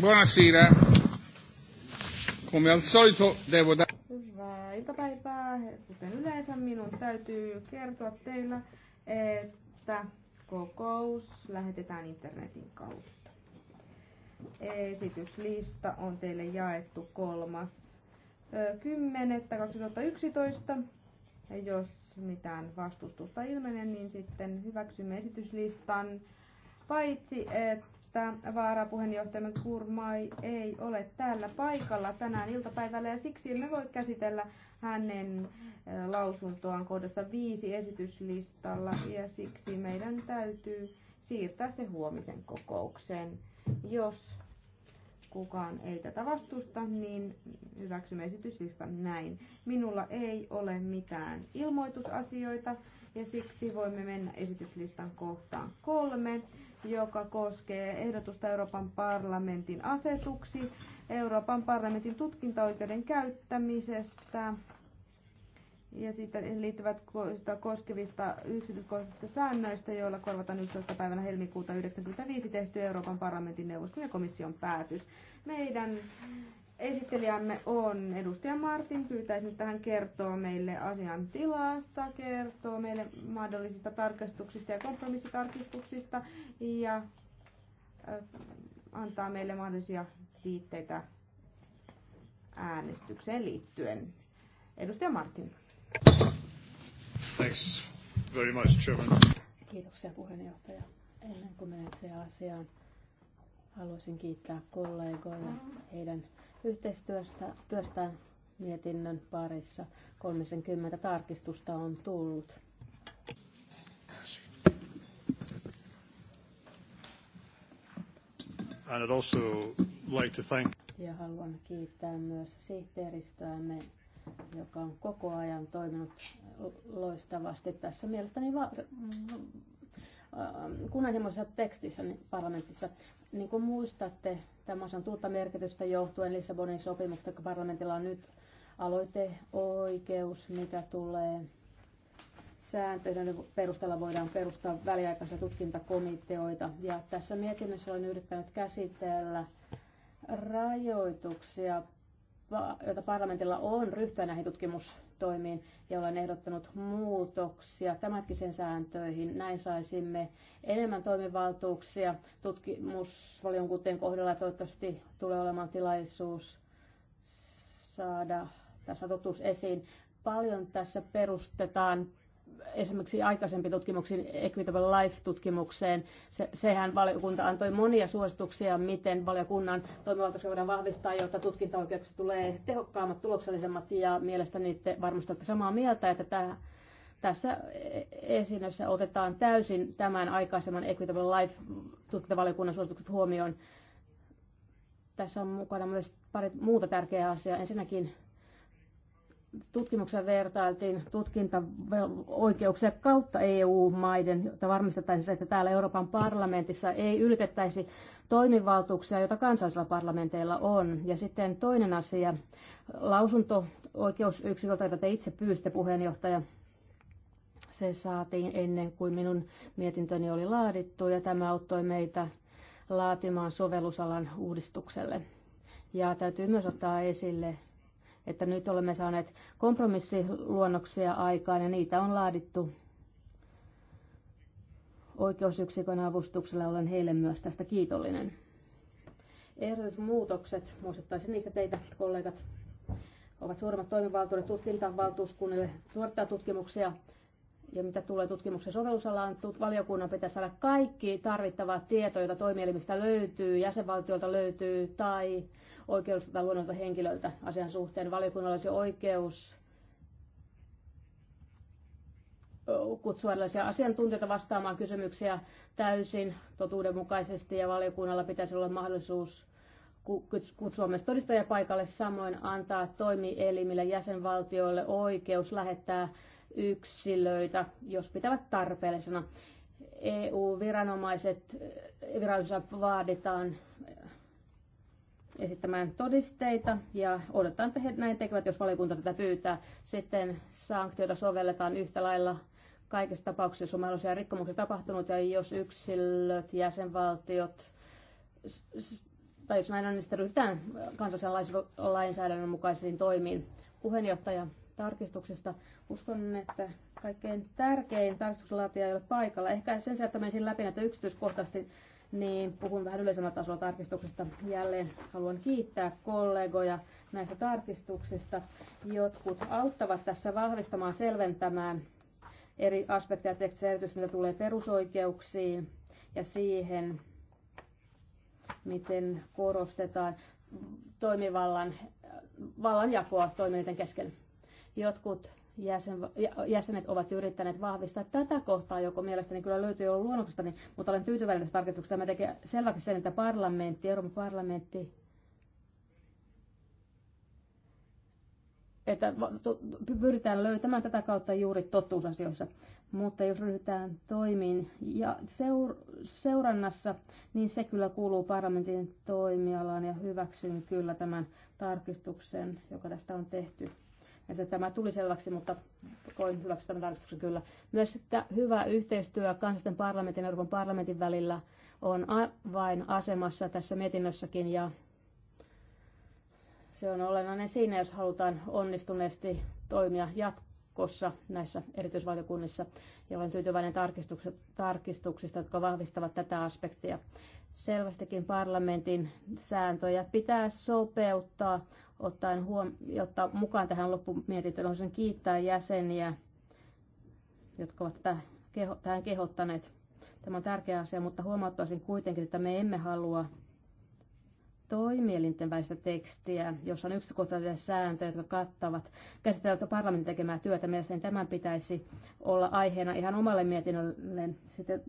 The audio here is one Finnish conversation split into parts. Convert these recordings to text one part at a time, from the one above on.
Buonasera. Come al solito devo Hyvää iltapäivää. Kuten yleensä minun täytyy kertoa teillä, että kokous lähetetään internetin kautta. Esityslista on teille jaettu kolmas 10.2011. Jos mitään vastustusta ilmenee, niin sitten hyväksymme esityslistan. Paitsi, että että vaarapuheenjohtajamme Kurmai ei ole täällä paikalla tänään iltapäivällä ja siksi emme voi käsitellä hänen lausuntoaan kohdassa viisi esityslistalla ja siksi meidän täytyy siirtää se huomisen kokoukseen. Jos kukaan ei tätä vastusta, niin hyväksymme esityslistan näin. Minulla ei ole mitään ilmoitusasioita ja siksi voimme mennä esityslistan kohtaan kolme joka koskee ehdotusta Euroopan parlamentin asetuksi Euroopan parlamentin tutkintaoikeuden käyttämisestä ja sitten liittyvät sitä koskevista yksityiskohtaisista säännöistä, joilla korvataan 11. päivänä helmikuuta 1995 tehty Euroopan parlamentin neuvoston ja komission päätös. Meidän Esittelijämme on edustaja Martin. Pyytäisin, että hän kertoo meille asian tilasta, kertoo meille mahdollisista tarkastuksista ja kompromissitarkistuksista ja äh, antaa meille mahdollisia viitteitä äänestykseen liittyen. Edustaja Martin. Thanks very much, Chairman. Kiitoksia puheenjohtaja. Ennen kuin menen se asiaan, haluaisin kiittää kollegoja heidän Yhteistyössä työstään mietinnön parissa 30 tarkistusta on tullut. And I'd also like to thank... Ja haluan kiittää myös sihteeristöämme, joka on koko ajan toiminut loistavasti tässä mielestäni va- Ähm, kunnianhimoisessa tekstissä niin parlamentissa. Niin kuin muistatte, tämä on tuutta merkitystä johtuen Lissabonin sopimuksesta, kun parlamentilla on nyt aloiteoikeus, mitä tulee sääntöiden perusteella voidaan perustaa väliaikaisia tutkintakomiteoita. Ja tässä mietinnössä olen yrittänyt käsitellä rajoituksia, joita parlamentilla on ryhtyä näihin tutkimus toimiin ja olen ehdottanut muutoksia tämänkin sääntöihin. Näin saisimme enemmän toimivaltuuksia tutkimusvaliokuntien kohdalla. Toivottavasti tulee olemaan tilaisuus saada tässä totuus esiin. Paljon tässä perustetaan esimerkiksi aikaisempi tutkimuksiin, Equitable Life-tutkimukseen, se, sehän valiokunta antoi monia suosituksia, miten valiokunnan toimivaltuuksia voidaan vahvistaa, jotta tutkintaoikeuksista tulee tehokkaammat, tuloksellisemmat, ja mielestäni te varmasti olette samaa mieltä, että tämä, tässä esinnössä otetaan täysin tämän aikaisemman Equitable Life-tutkintavaliokunnan suositukset huomioon. Tässä on mukana myös pari muuta tärkeää asiaa. Ensinnäkin tutkimuksessa vertailtiin tutkintaoikeuksia kautta EU-maiden, jotta varmistettaisiin se, että täällä Euroopan parlamentissa ei ylitettäisi toimivaltuuksia, joita kansallisilla parlamenteilla on. Ja sitten toinen asia, lausunto-oikeusyksiköltä, jota te itse pyysitte puheenjohtaja, se saatiin ennen kuin minun mietintöni oli laadittu ja tämä auttoi meitä laatimaan sovellusalan uudistukselle. Ja täytyy myös ottaa esille että nyt olemme saaneet kompromissiluonnoksia aikaan ja niitä on laadittu oikeusyksikön avustuksella. Olen heille myös tästä kiitollinen. Ehdotetut muutokset, muistuttaisin niistä teitä kollegat, ovat suuremmat toimivaltuudet tutkintavaltuuskunnille suorittaa tutkimuksia ja mitä tulee tutkimuksen sovellusalaan, valiokunnan pitäisi saada kaikki tarvittava tieto, jota toimielimistä löytyy, jäsenvaltiolta löytyy tai oikeudesta tai luonnolta henkilöltä asian suhteen. Valiokunnalla olisi oikeus kutsua erilaisia asiantuntijoita vastaamaan kysymyksiä täysin totuudenmukaisesti ja valiokunnalla pitäisi olla mahdollisuus kutsua myös todistajia paikalle, samoin antaa toimielimille jäsenvaltioille oikeus lähettää yksilöitä, jos pitävät tarpeellisena. EU-viranomaiset vaaditaan esittämään todisteita ja odotetaan, että he näin tekevät, jos valiokunta tätä pyytää. Sitten sanktioita sovelletaan yhtä lailla kaikissa tapauksissa, jos on mahdollisia rikkomuksia tapahtunut ja jos yksilöt, jäsenvaltiot tai jos näin on, niin sitten ryhdytään kansallisen lainsäädännön mukaisiin toimiin. Puheenjohtaja, tarkistuksista. Uskon, että kaikkein tärkein tarkistuslaatija ei ole paikalla. Ehkä sen sijaan, että menisin läpi näitä yksityiskohtaisesti, niin puhun vähän yleisemmällä tasolla tarkistuksista. Jälleen haluan kiittää kollegoja näistä tarkistuksista. Jotkut auttavat tässä vahvistamaan, selventämään eri aspekteja tekstissä, erityisesti mitä tulee perusoikeuksiin ja siihen, miten korostetaan toimivallan vallanjakoa toimijoiden kesken. Jotkut jäsen, jäsenet ovat yrittäneet vahvistaa tätä kohtaa, joko mielestäni kyllä löytyy jo luonnoksestani, niin, mutta olen tyytyväinen tästä tarkistuksesta. Tämä tekee selväksi sen, että parlamentti, Euroopan parlamentti, että pyritään löytämään tätä kautta juuri totuusasioissa. Mutta jos ryhdytään toimiin ja seur- seurannassa, niin se kyllä kuuluu parlamentin toimialaan ja hyväksyn kyllä tämän tarkistuksen, joka tästä on tehty että tämä tuli selväksi, mutta koin hyväksi tämän tarkistuksen kyllä. Myös että hyvä yhteistyö kansallisten parlamentin ja Euroopan parlamentin välillä on vain asemassa tässä mietinnössäkin ja se on olennainen siinä, jos halutaan onnistuneesti toimia jatkossa näissä erityisvaliokunnissa. Ja olen tyytyväinen tarkistuksista, jotka vahvistavat tätä aspektia. Selvästikin parlamentin sääntöjä pitää sopeuttaa ottaen huom- jotta mukaan tähän loppumietintöön. Haluaisin kiittää jäseniä, jotka ovat tähän kehottaneet. Tämä on tärkeä asia, mutta huomauttaisin kuitenkin, että me emme halua toimielinten välistä tekstiä, jossa on yksityiskohtaisia sääntöjä, jotka kattavat käsitellä parlamentin tekemää työtä. Mielestäni tämän pitäisi olla aiheena ihan omalle mietinnölle. Sitten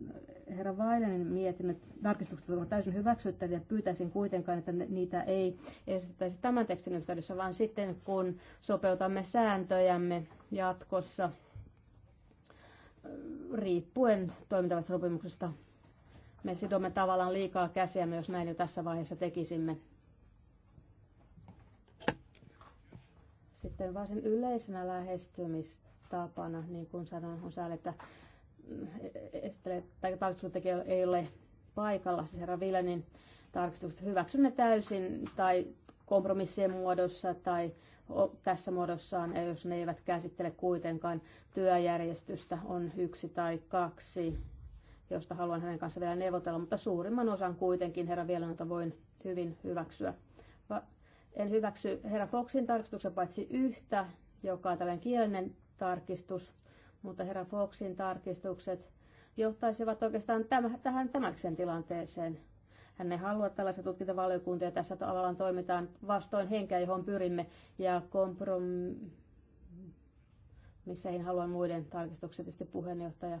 herra Vailenin mietinnöt tarkistukset ovat täysin hyväksyttäviä. Pyytäisin kuitenkaan, että niitä ei esitettäisi tämän tekstin yhteydessä, vaan sitten kun sopeutamme sääntöjämme jatkossa riippuen toimintavasta sopimuksesta me sidomme tavallaan liikaa käsiä, jos näin jo tässä vaiheessa tekisimme. Sitten varsin yleisenä lähestymistapana, niin kuin sanoin, on sääli, että mm, tarkistustekijä ei ole paikalla, siis herra Ville, niin tarkistukset hyväksyn ne täysin tai kompromissien muodossa tai tässä muodossaan, jos ne eivät käsittele kuitenkaan työjärjestystä, on yksi tai kaksi josta haluan hänen kanssa vielä neuvotella, mutta suurimman osan kuitenkin herra Vielanalta voin hyvin hyväksyä. en hyväksy herra Foxin tarkistuksen paitsi yhtä, joka on tällainen kielinen tarkistus, mutta herra Foxin tarkistukset johtaisivat oikeastaan täm- tähän tämäkseen tilanteeseen. Hän ei halua tällaisia tutkintavaliokuntia. Tässä tavallaan toimitaan vastoin henkeä, johon pyrimme, ja kompromissa missä haluan muiden tarkistukset, tietysti puheenjohtaja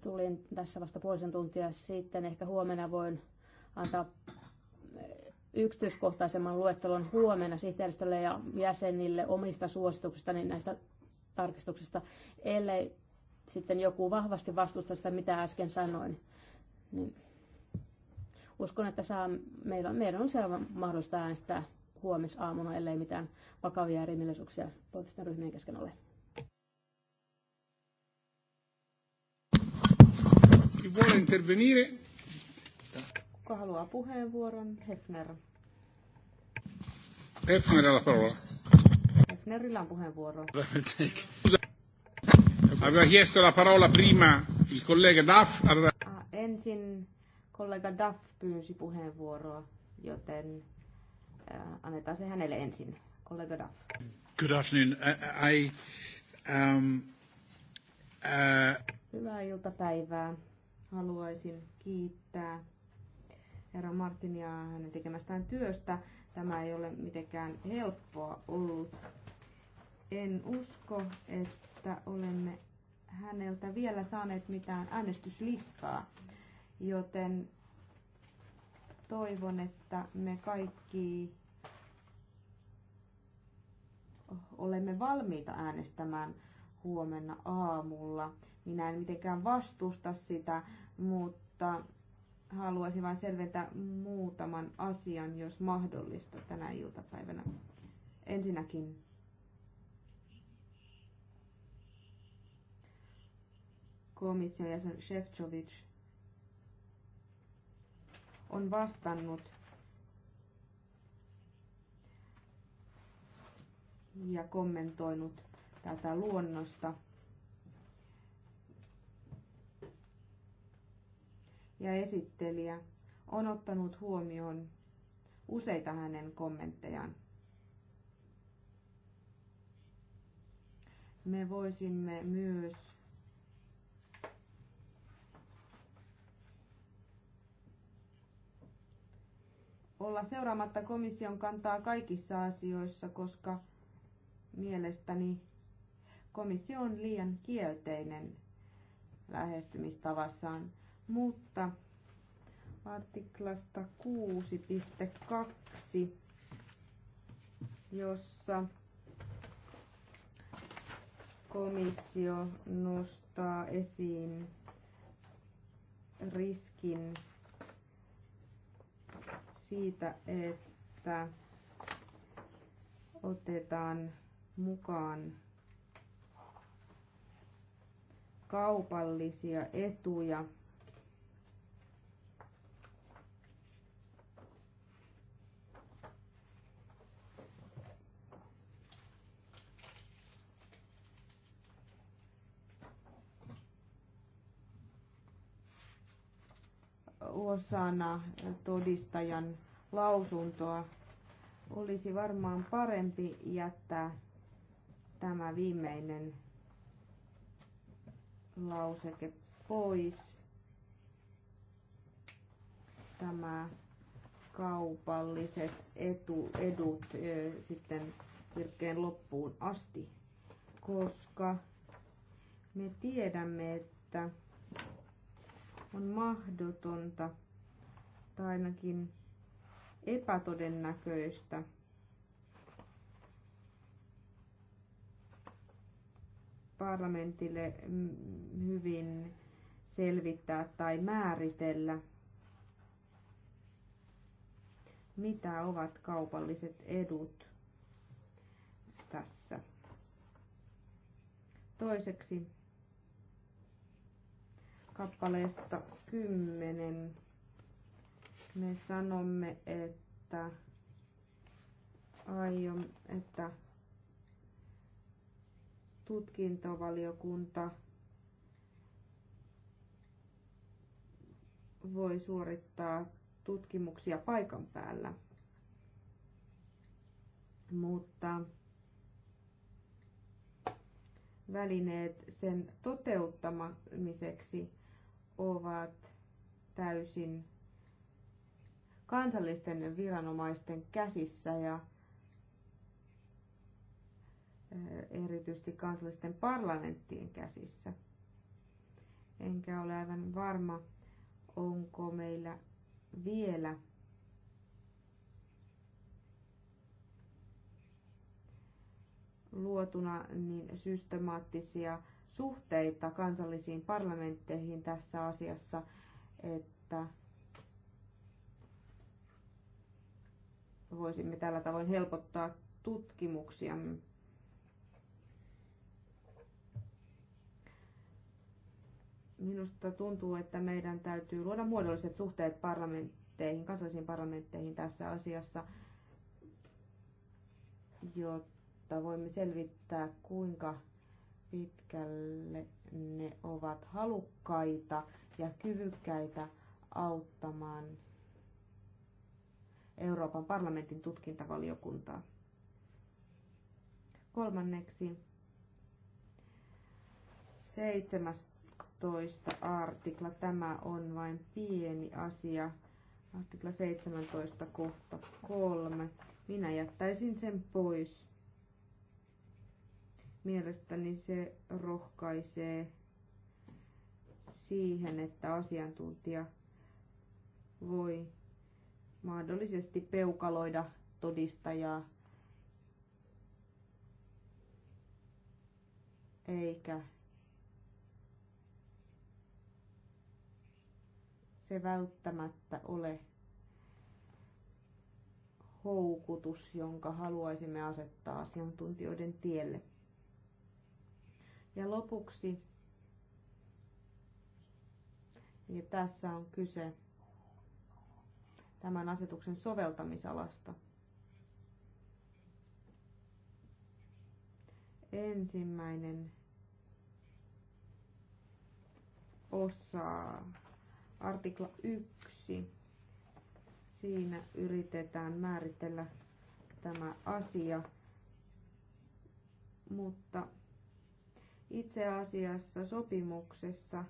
Tulin tässä vasta puolisen tuntia sitten. Ehkä huomenna voin antaa eh, yksityiskohtaisemman luettelon huomenna sihteeristölle ja jäsenille omista suosituksista, niin näistä tarkistuksista, ellei sitten joku vahvasti vastusta sitä, mitä äsken sanoin. Niin uskon, että saa, meillä, meidän on selvä mahdollista äänestää huomisaamuna, ellei mitään vakavia erimielisyyksiä poliittisten ryhmien kesken ole. Chi vuole intervenire? Kuka haluaa puheenvuoron? Hefner. Hefnerillä parola. Hefnerillä on puheenvuoro. Aveva chiesto la parola prima il collega Duff. Aveva... Ah, ensin kollega Duff pyysi puheenvuoroa, joten äh, annetaan se hänelle ensin. Kollega Duff. Good afternoon. I, I um, uh... Hyvää iltapäivää haluaisin kiittää herra Martinia hänen tekemästään työstä. Tämä ei ole mitenkään helppoa ollut. En usko, että olemme häneltä vielä saaneet mitään äänestyslistaa, joten toivon, että me kaikki olemme valmiita äänestämään huomenna aamulla. Minä en mitenkään vastusta sitä, mutta haluaisin vain selventää muutaman asian, jos mahdollista tänä iltapäivänä. Ensinnäkin komission jäsen Shevchovic on vastannut ja kommentoinut tätä luonnosta. ja esittelijä on ottanut huomioon useita hänen kommenttejaan. Me voisimme myös olla seuraamatta komission kantaa kaikissa asioissa, koska mielestäni komissio on liian kielteinen lähestymistavassaan mutta artiklasta 6.2, jossa komissio nostaa esiin riskin siitä, että otetaan mukaan kaupallisia etuja osana todistajan lausuntoa. Olisi varmaan parempi jättää tämä viimeinen lauseke pois. Tämä kaupalliset etu, edut ö, sitten virkkeen loppuun asti, koska me tiedämme, että on mahdotonta tai ainakin epätodennäköistä. parlamentille mm, hyvin selvittää tai määritellä, mitä ovat kaupalliset edut tässä. Toiseksi kappaleesta 10 me sanomme, että aion, että tutkintovaliokunta voi suorittaa tutkimuksia paikan päällä. Mutta välineet sen toteuttamiseksi ovat täysin kansallisten viranomaisten käsissä ja erityisesti kansallisten parlamenttien käsissä. Enkä ole aivan varma, onko meillä vielä luotuna niin systemaattisia suhteita kansallisiin parlamentteihin tässä asiassa, että voisimme tällä tavoin helpottaa tutkimuksia. Minusta tuntuu, että meidän täytyy luoda muodolliset suhteet parlamentteihin, kansallisiin parlamentteihin tässä asiassa, jotta voimme selvittää, kuinka pitkälle ne ovat halukkaita ja kyvykkäitä auttamaan Euroopan parlamentin tutkintavaliokuntaa. Kolmanneksi 17 artikla. Tämä on vain pieni asia. Artikla 17 kohta 3. Minä jättäisin sen pois Mielestäni se rohkaisee siihen, että asiantuntija voi mahdollisesti peukaloida todistajaa eikä se välttämättä ole houkutus, jonka haluaisimme asettaa asiantuntijoiden tielle. Ja lopuksi, ja tässä on kyse tämän asetuksen soveltamisalasta. Ensimmäinen osa, artikla 1. Siinä yritetään määritellä tämä asia, mutta itse asiassa sopimuksessa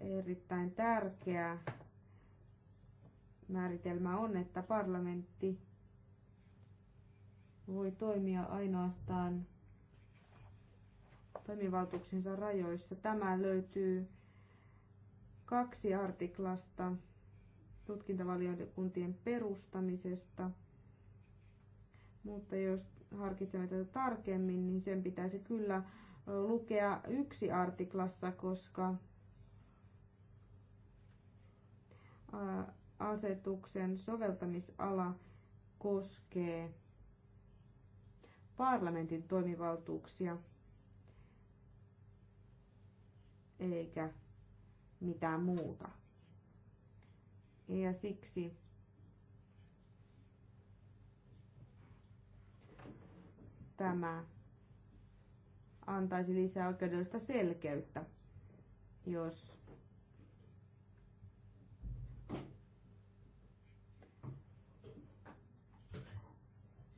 erittäin tärkeä määritelmä on, että parlamentti voi toimia ainoastaan toimivaltuuksensa rajoissa. Tämä löytyy kaksi artiklasta tutkintavaliokuntien perustamisesta. Mutta jos harkitsemme tätä tarkemmin, niin sen pitäisi kyllä lukea yksi artiklassa, koska asetuksen soveltamisala koskee parlamentin toimivaltuuksia eikä mitään muuta. Ja siksi tämä antaisi lisää oikeudellista selkeyttä, jos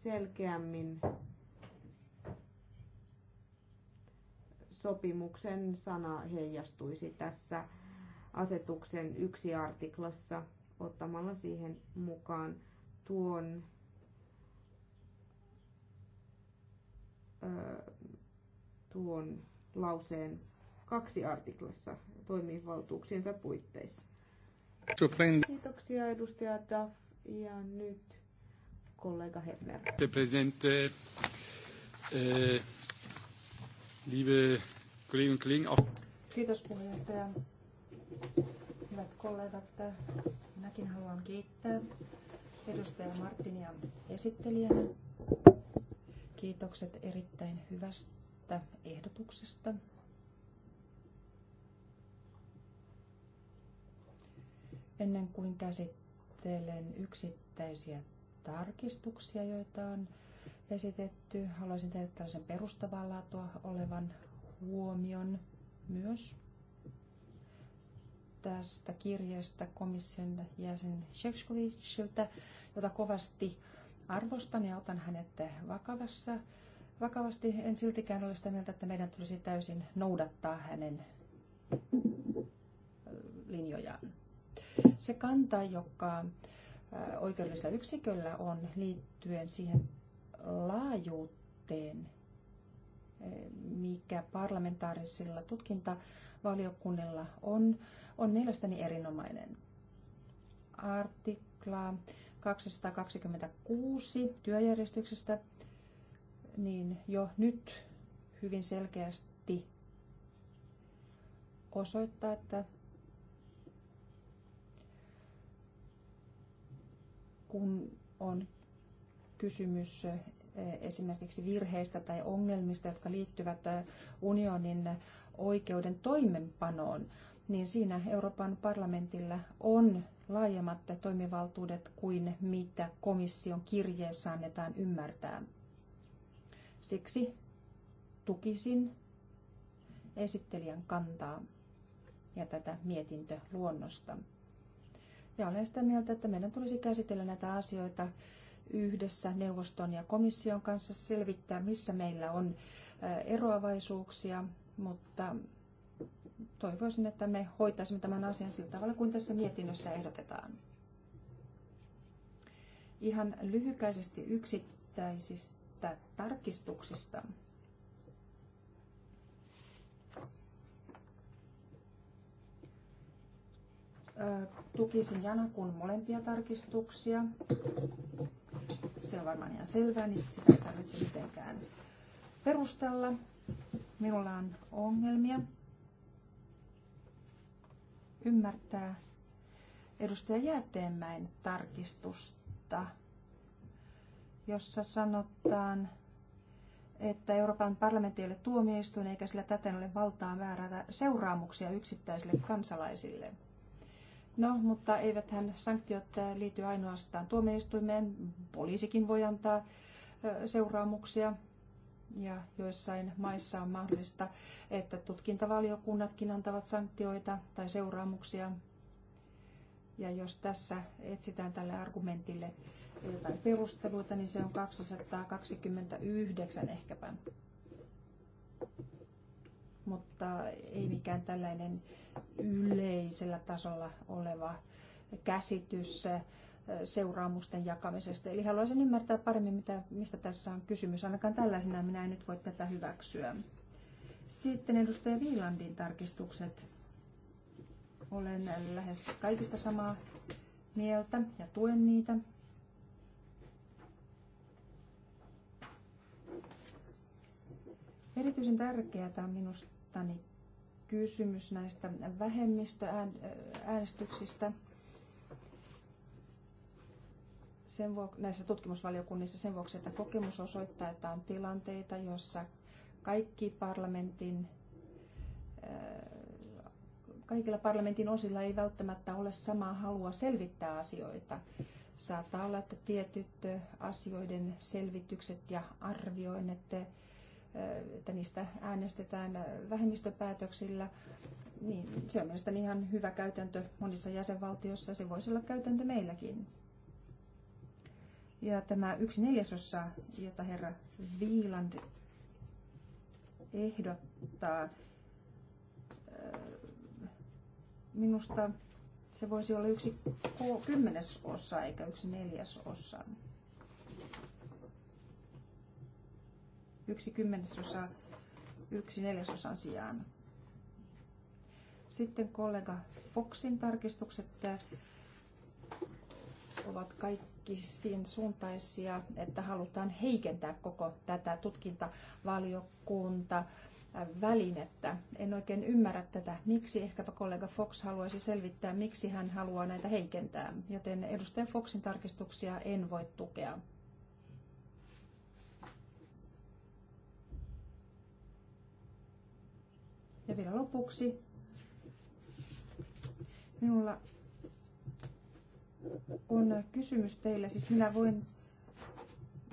selkeämmin sopimuksen sana heijastuisi tässä asetuksen yksi artiklassa – ottamalla siihen mukaan tuon tuon lauseen kaksi artiklassa toimivaltuuksiensa puitteissa. Kiitoksia edustaja Duff ja nyt kollega Hefner. Presidente, eh, liebe Kolleginnen und Kiitos puheenjohtaja. Hyvät kollegat, minäkin haluan kiittää edustaja Martinia esittelijänä. Kiitokset erittäin hyvästä ehdotuksesta. Ennen kuin käsittelen yksittäisiä tarkistuksia, joita on esitetty, haluaisin tehdä tällaisen perustavaa laatua olevan huomion myös tästä kirjeestä komission jäsen Shevchkovicilta, jota kovasti arvostan ja otan hänet vakavassa. Vakavasti en siltikään ole sitä mieltä, että meidän tulisi täysin noudattaa hänen linjojaan. Se kanta, joka oikeudellisella yksiköllä on liittyen siihen laajuuteen, mikä parlamentaarisilla tutkintavaliokunnilla on, on mielestäni erinomainen. Artikla 226 työjärjestyksestä niin jo nyt hyvin selkeästi osoittaa, että kun on kysymys Eh, esimerkiksi virheistä tai ongelmista, jotka liittyvät eh, unionin oikeuden toimenpanoon, niin siinä Euroopan parlamentilla on laajemmat toimivaltuudet kuin mitä komission kirjeessä annetaan ymmärtää. Siksi tukisin esittelijän kantaa ja tätä mietintöluonnosta. Ja olen sitä mieltä, että meidän tulisi käsitellä näitä asioita yhdessä neuvoston ja komission kanssa selvittää, missä meillä on eroavaisuuksia, mutta toivoisin, että me hoitaisimme tämän asian sillä tavalla kuin tässä mietinnössä ehdotetaan. Ihan lyhykäisesti yksittäisistä tarkistuksista. tukisin Janakun molempia tarkistuksia se on varmaan ihan selvää, niin sitä ei tarvitse mitenkään perustella. Minulla on ongelmia ymmärtää edustaja Jäätteenmäen tarkistusta, jossa sanotaan, että Euroopan parlamentti ei ole tuomioistuin eikä sillä täten ole valtaa määrätä seuraamuksia yksittäisille kansalaisille – No, mutta eiväthän sanktiot eh, liity ainoastaan tuomioistuimeen. Poliisikin voi antaa eh, seuraamuksia ja joissain maissa on mahdollista, että tutkintavaliokunnatkin antavat sanktioita tai seuraamuksia. Ja jos tässä etsitään tälle argumentille jotain perusteluita, niin se on 229 ehkäpä mutta ei mikään tällainen yleisellä tasolla oleva käsitys seuraamusten jakamisesta. Eli haluaisin ymmärtää paremmin, mitä, mistä tässä on kysymys. Ainakaan tällaisena minä en nyt voi tätä hyväksyä. Sitten edustaja Viilandin tarkistukset. Olen lähes kaikista samaa mieltä ja tuen niitä. Erityisen tärkeää on minusta niin kysymys näistä vähemmistöäänestyksistä sen vuoksi, näissä tutkimusvaliokunnissa sen vuoksi, että kokemus osoittaa, että on tilanteita, joissa kaikki parlamentin, äh, kaikilla parlamentin osilla ei välttämättä ole samaa halua selvittää asioita. Saattaa olla, että tietyt asioiden selvitykset ja arvioinnit että niistä äänestetään vähemmistöpäätöksillä, niin se on mielestäni ihan hyvä käytäntö monissa jäsenvaltioissa. Se voisi olla käytäntö meilläkin. Ja tämä yksi neljäsosa, jota herra Viiland ehdottaa, minusta se voisi olla yksi kymmenesosa eikä yksi neljäsosa. yksi kymmenesosa yksi neljäsosan sijaan. Sitten kollega Foxin tarkistukset ovat kaikki siinä suuntaisia, että halutaan heikentää koko tätä tutkintavaliokunta välinettä. En oikein ymmärrä tätä, miksi ehkäpä kollega Fox haluaisi selvittää, miksi hän haluaa näitä heikentää, joten edustaja Foxin tarkistuksia en voi tukea. vielä lopuksi. Minulla on kysymys teille. Siis minä voin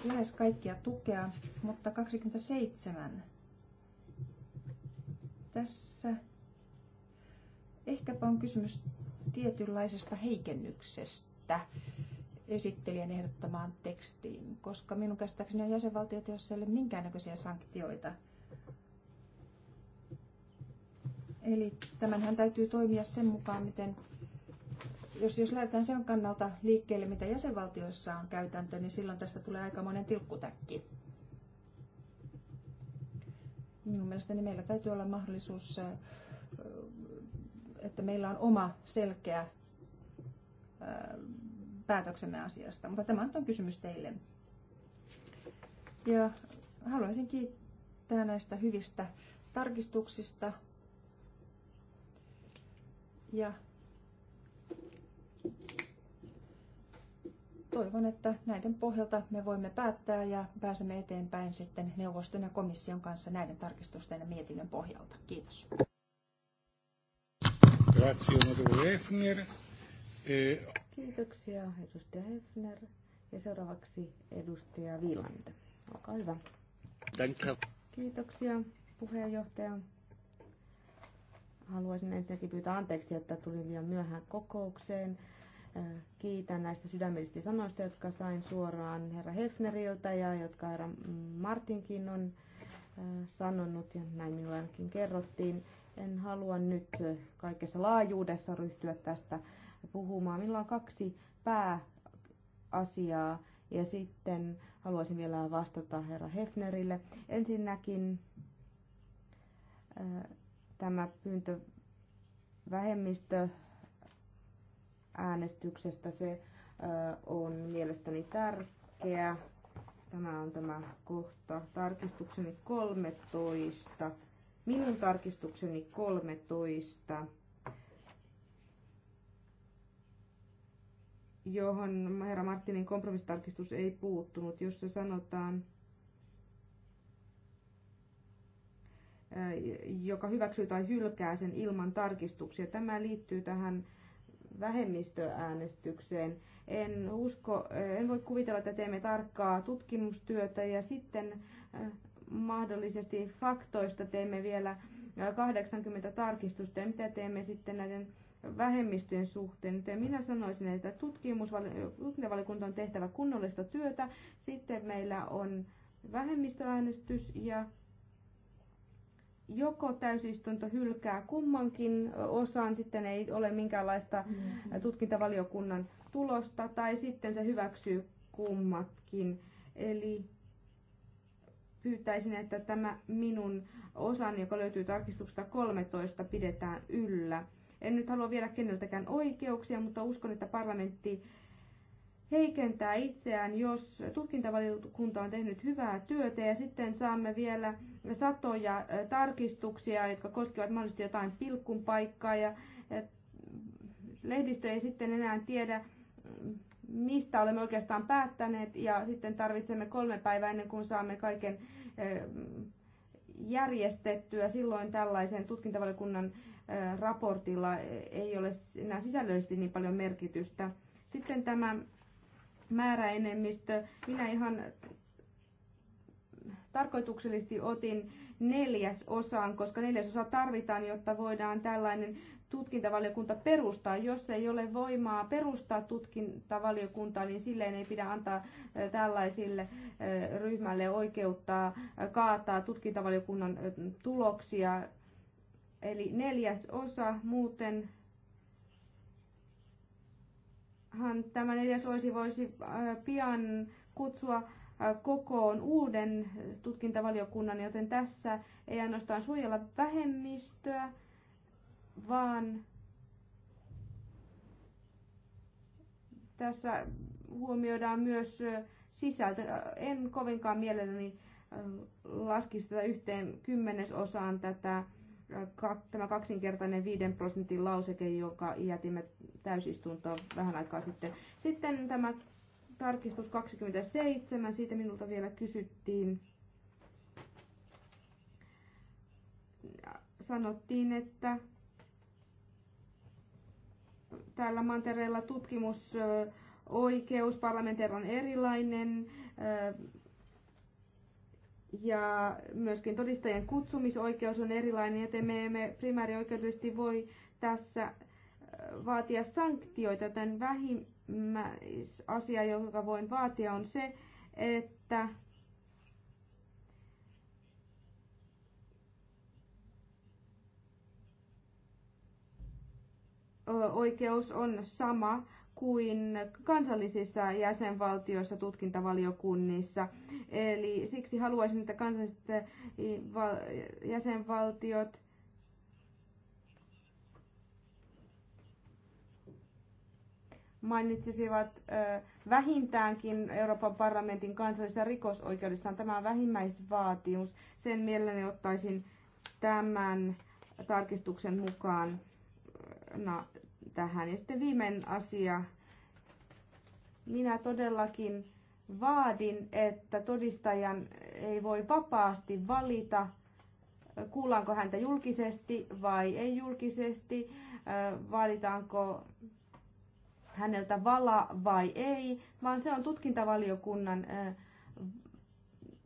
lähes kaikkia tukea, mutta 27. Tässä ehkäpä on kysymys tietynlaisesta heikennyksestä esittelijän ehdottamaan tekstiin, koska minun käsittääkseni on jäsenvaltioita, joissa ei ole minkäännäköisiä sanktioita – Eli tämänhän täytyy toimia sen mukaan, miten jos, jos lähdetään sen kannalta liikkeelle, mitä jäsenvaltioissa on käytäntö, niin silloin tästä tulee aikamoinen tilkkutäkki. Minun mielestäni meillä täytyy olla mahdollisuus, että meillä on oma selkeä päätöksemme asiasta. Mutta tämä on kysymys teille. Ja haluaisin kiittää näistä hyvistä tarkistuksista. Ja toivon, että näiden pohjalta me voimme päättää ja pääsemme eteenpäin sitten neuvoston ja komission kanssa näiden tarkistusten ja mietinnön pohjalta. Kiitos. E- Kiitoksia, edustaja Hefner. Ja seuraavaksi edustaja Viiland. Olkaa hyvä. Kiitoksia, puheenjohtaja. Haluaisin ensinnäkin pyytää anteeksi, että tulin liian myöhään kokoukseen. Äh, kiitän näistä sydämellisistä sanoista, jotka sain suoraan herra Hefneriltä ja jotka herra mm, Martinkin on äh, sanonut ja näin minulle ainakin kerrottiin. En halua nyt äh, kaikessa laajuudessa ryhtyä tästä puhumaan. Minulla on kaksi pääasiaa ja sitten haluaisin vielä vastata herra Hefnerille. Ensinnäkin Tämä pyyntö vähemmistö äänestyksestä se on mielestäni tärkeä. Tämä on tämä kohta. Tarkistukseni 13. Minun tarkistukseni 13. johon herra Marttinin kompromissitarkistus ei puuttunut, jossa sanotaan, joka hyväksyy tai hylkää sen ilman tarkistuksia. Tämä liittyy tähän vähemmistöäänestykseen. En, usko, en voi kuvitella, että teemme tarkkaa tutkimustyötä ja sitten mahdollisesti faktoista teemme vielä 80 tarkistusta ja mitä teemme sitten näiden vähemmistöjen suhteen. Joten minä sanoisin, että tutkimusvaliokunta on tehtävä kunnollista työtä. Sitten meillä on vähemmistöäänestys ja joko täysistunto hylkää kummankin osan, sitten ei ole minkäänlaista mm-hmm. tutkintavaliokunnan tulosta, tai sitten se hyväksyy kummatkin. Eli pyytäisin, että tämä minun osan, joka löytyy tarkistuksesta 13, pidetään yllä. En nyt halua vielä keneltäkään oikeuksia, mutta uskon, että parlamentti heikentää itseään, jos tutkintavaliokunta on tehnyt hyvää työtä ja sitten saamme vielä satoja tarkistuksia, jotka koskevat mahdollisesti jotain pilkkun paikkaa ja lehdistö ei sitten enää tiedä, mistä olemme oikeastaan päättäneet ja sitten tarvitsemme kolme päivää ennen kuin saamme kaiken järjestettyä. Silloin tällaisen tutkintavaliokunnan raportilla ei ole enää sisällöllisesti niin paljon merkitystä. Sitten tämä määräenemmistö. Minä ihan tarkoituksellisesti otin neljäsosan, koska neljäsosa tarvitaan, jotta voidaan tällainen tutkintavaliokunta perustaa. Jos ei ole voimaa perustaa tutkintavaliokuntaa, niin silleen ei pidä antaa tällaisille ryhmälle oikeutta kaataa tutkintavaliokunnan tuloksia. Eli neljäs osa muuten hän tämä neljäs olisi voisi äh, pian kutsua äh, kokoon uuden tutkintavaliokunnan, joten tässä ei ainoastaan suojella vähemmistöä, vaan tässä huomioidaan myös äh, sisältö. En kovinkaan mielelläni laskisi tätä yhteen kymmenesosaan tätä tämä kaksinkertainen 5 prosentin lauseke, joka jätimme täysistuntoon vähän aikaa sitten. Sitten tämä tarkistus 27, siitä minulta vielä kysyttiin. Sanottiin, että täällä mantereella oikeus, parlamenteilla on erilainen, ja myöskin todistajien kutsumisoikeus on erilainen, joten me emme primäärioikeudellisesti voi tässä äh, vaatia sanktioita, joten vähimmäisasia, jonka voin vaatia, on se, että oikeus on sama kuin kansallisissa jäsenvaltioissa tutkintavaliokunnissa. Eli siksi haluaisin, että kansalliset eh, jäsenvaltiot mainitsisivat eh, vähintäänkin Euroopan parlamentin kansallisessa rikosoikeudessaan. Tämä on vähimmäisvaatimus. Sen mielelläni ottaisin tämän tarkistuksen mukaan tähän. Ja sitten viimeinen asia. Minä todellakin vaadin, että todistajan ei voi vapaasti valita, kuullaanko häntä julkisesti vai ei julkisesti, vaaditaanko häneltä vala vai ei, vaan se on tutkintavaliokunnan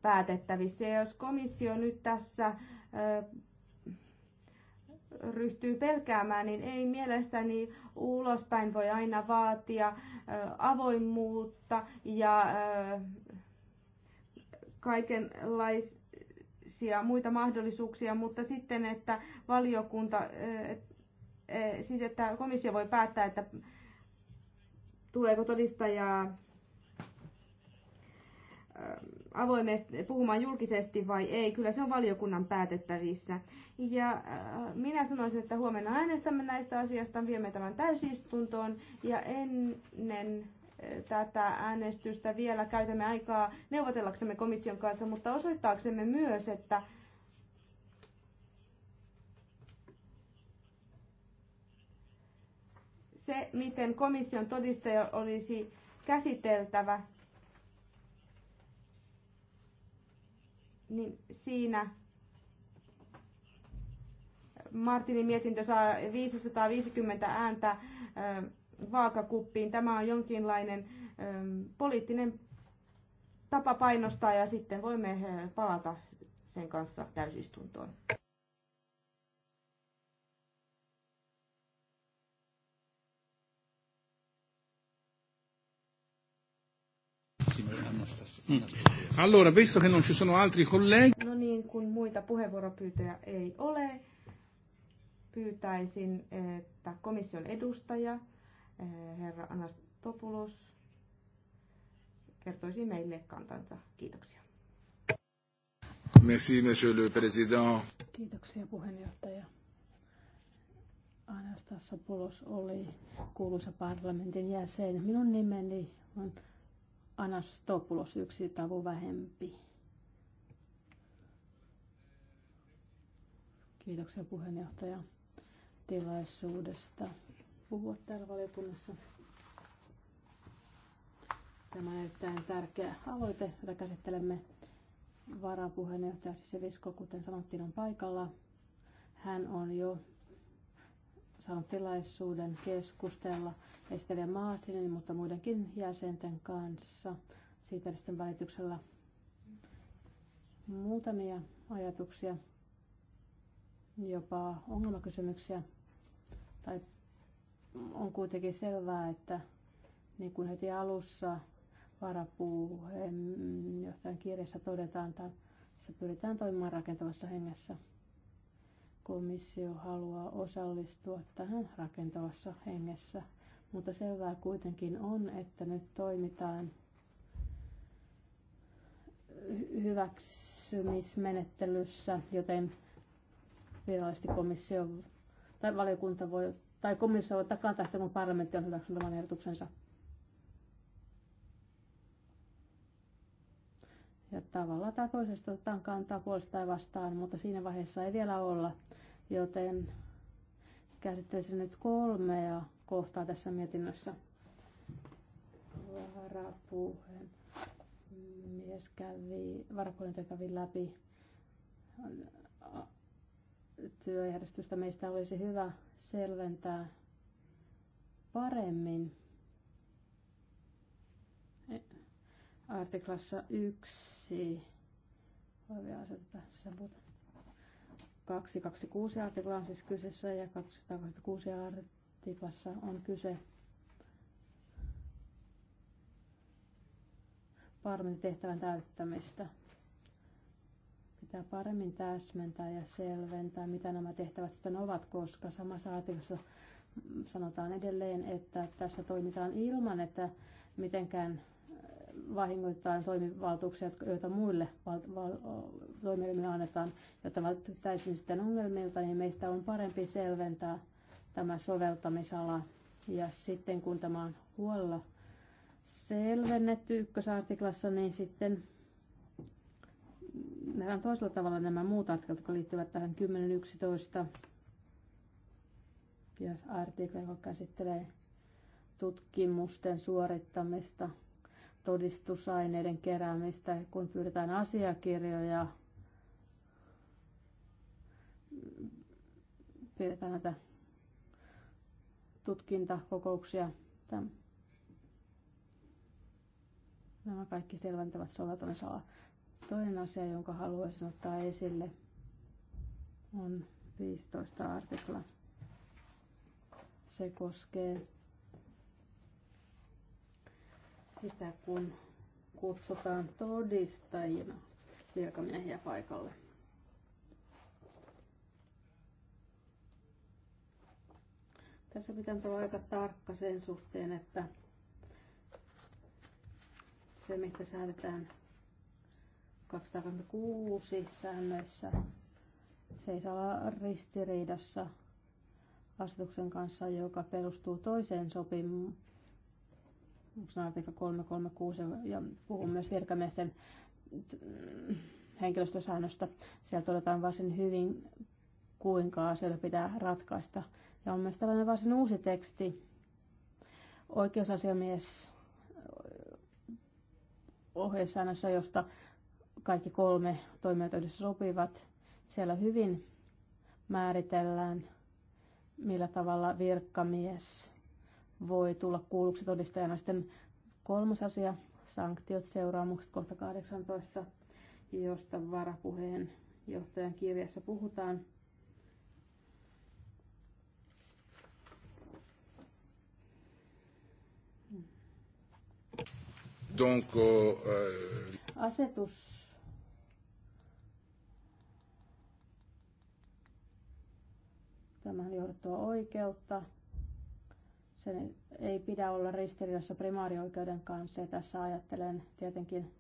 päätettävissä. Ja jos komissio nyt tässä ryhtyy pelkäämään, niin ei mielestäni ulospäin voi aina vaatia avoimuutta ja kaikenlaisia muita mahdollisuuksia, mutta sitten, että valiokunta, e, siis että komissio voi päättää, että tuleeko todistajaa avoimesti, puhumaan julkisesti vai ei. Kyllä se on valiokunnan päätettävissä. Ja äh, minä sanoisin, että huomenna äänestämme näistä asioista, viemme tämän täysistuntoon ja ennen äh, tätä äänestystä vielä käytämme aikaa neuvotellaksemme komission kanssa, mutta osoittaaksemme myös, että se, miten komission todistaja olisi käsiteltävä, niin siinä Martinin mietintö saa 550 ääntä vaakakuppiin. Tämä on jonkinlainen poliittinen tapa painostaa ja sitten voimme palata sen kanssa täysistuntoon. Mm. Allora, visto che non ci sono altri colleghi... No niin, kun muita puheenvuoropyyntöjä ei ole, pyytäisin, että komission edustaja, eh, herra Anastopoulos, kertoisi meille kantansa. Kiitoksia. Merci, monsieur le président. Kiitoksia puheenjohtaja. Anastassa Pulos oli kuuluisa parlamentin jäsen. Minun nimeni on Anastopulos yksi tavu vähempi. Kiitoksia puheenjohtaja tilaisuudesta puhua täällä valiokunnassa. Tämä on erittäin tärkeä aloite, jota käsittelemme. Varapuheenjohtaja Sisevisko, kuten sanottiin, on paikalla. Hän on jo saanut tilaisuuden keskustella esittäviä Maatinen, mutta muidenkin jäsenten kanssa siitä välityksellä muutamia ajatuksia, jopa ongelmakysymyksiä. Tai on kuitenkin selvää, että niin kuin heti alussa varapuheenjohtajan kirjassa todetaan, että pyritään toimimaan rakentavassa hengessä – komissio haluaa osallistua tähän rakentavassa hengessä. Mutta selvää kuitenkin on, että nyt toimitaan hyväksymismenettelyssä, joten virallisesti komissio tai valiokunta voi, tai komissio voi takaa tästä, kun parlamentti on hyväksynyt tämän ehdotuksensa. Ja tavalla tai toisesta otetaan kantaa puolesta tai vastaan, mutta siinä vaiheessa ei vielä olla. Joten käsittelisin nyt kolmea kohtaa tässä mietinnössä. Varapuheen mies kävi, varapuheen kävi läpi työjärjestystä. Meistä olisi hyvä selventää paremmin artiklassa 1 olevia asioita tässä 226 artikla on siis kyseessä ja 226 artiklassa on kyse paremmin tehtävän täyttämistä. Pitää paremmin täsmentää ja selventää, mitä nämä tehtävät sitten ovat, koska samassa artiklassa sanotaan edelleen, että tässä toimitaan ilman, että mitenkään vahingoittaa toimivaltuuksia, joita muille val- val- toimielimille annetaan, jotta vältyttäisiin sitten ongelmilta, niin meistä on parempi selventää tämä soveltamisala. Ja sitten kun tämä on huolella selvennetty ykkösartiklassa, niin sitten meillä on toisella tavalla nämä muut artiklat, jotka liittyvät tähän 10.11. Ja artikla, joka käsittelee tutkimusten suorittamista todistusaineiden keräämistä, kun pyydetään asiakirjoja, pidetään näitä tutkintakokouksia. Nämä kaikki selventävät soveltamisalaa. Toinen asia, jonka haluaisin ottaa esille, on 15 artikla. Se koskee sitä, kun kutsutaan todistajina virkamiehiä paikalle. Tässä pitää olla aika tarkka sen suhteen, että se mistä säädetään 226 säännöissä, se ei saa olla ristiriidassa asetuksen kanssa, joka perustuu toiseen sopimukseen on artikla 336 ja puhun myös virkamiesten mm, henkilöstösäännöstä. Siellä todetaan varsin hyvin, kuinka asioita pitää ratkaista. Ja on myös tällainen varsin uusi teksti. Oikeusasiamies ohjesäännössä, josta kaikki kolme toimijoita yhdessä sopivat. Siellä hyvin määritellään, millä tavalla virkamies voi tulla kuulluksi todistajana. Sitten kolmas asia, sanktiot, seuraamukset kohta 18, josta varapuheen johtajan kirjassa puhutaan. Donc, euh... euh Asetus Tämähän johdattua oikeutta sen ei pidä olla ristiriidassa primaarioikeuden kanssa. Ja tässä ajattelen tietenkin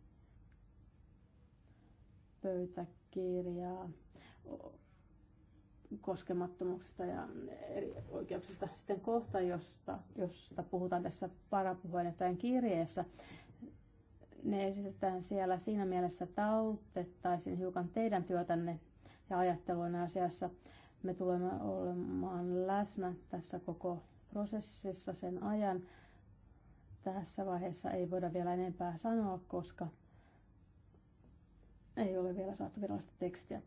pöytäkirjaa koskemattomuuksista ja eri oikeuksista. Sitten kohta, josta, josta puhutaan tässä varapuheenjohtajan kirjeessä, ne esitetään siellä siinä mielessä tautettaisiin hiukan teidän työtänne ja ajatteluina asiassa. Me tulemme olemaan läsnä tässä koko prosessissa sen ajan. Tässä vaiheessa ei voida vielä enempää sanoa, koska ei ole vielä saatu virallista tekstiä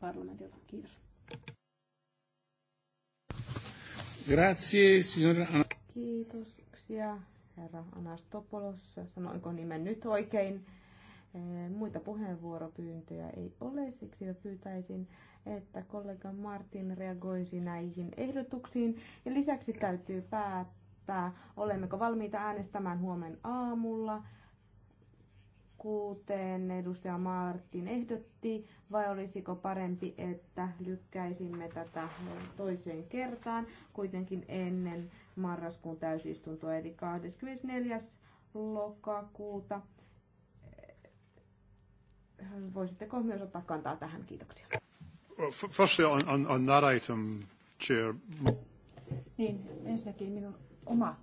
parlamentilta. Kiitos. Grazie, Kiitoksia, herra Anastopoulos. Sanoinko nimen nyt oikein? Eh, muita puheenvuoropyyntöjä ei ole, siksi mä pyytäisin että kollega Martin reagoisi näihin ehdotuksiin. Ja lisäksi täytyy päättää, olemmeko valmiita äänestämään huomen aamulla, kuten edustaja Martin ehdotti, vai olisiko parempi, että lykkäisimme tätä toiseen kertaan, kuitenkin ennen marraskuun täysistuntoa, eli 24. lokakuuta. Voisitteko myös ottaa kantaa tähän? Kiitoksia firstly on, that item, Chair. Niin, ensinnäkin minun oma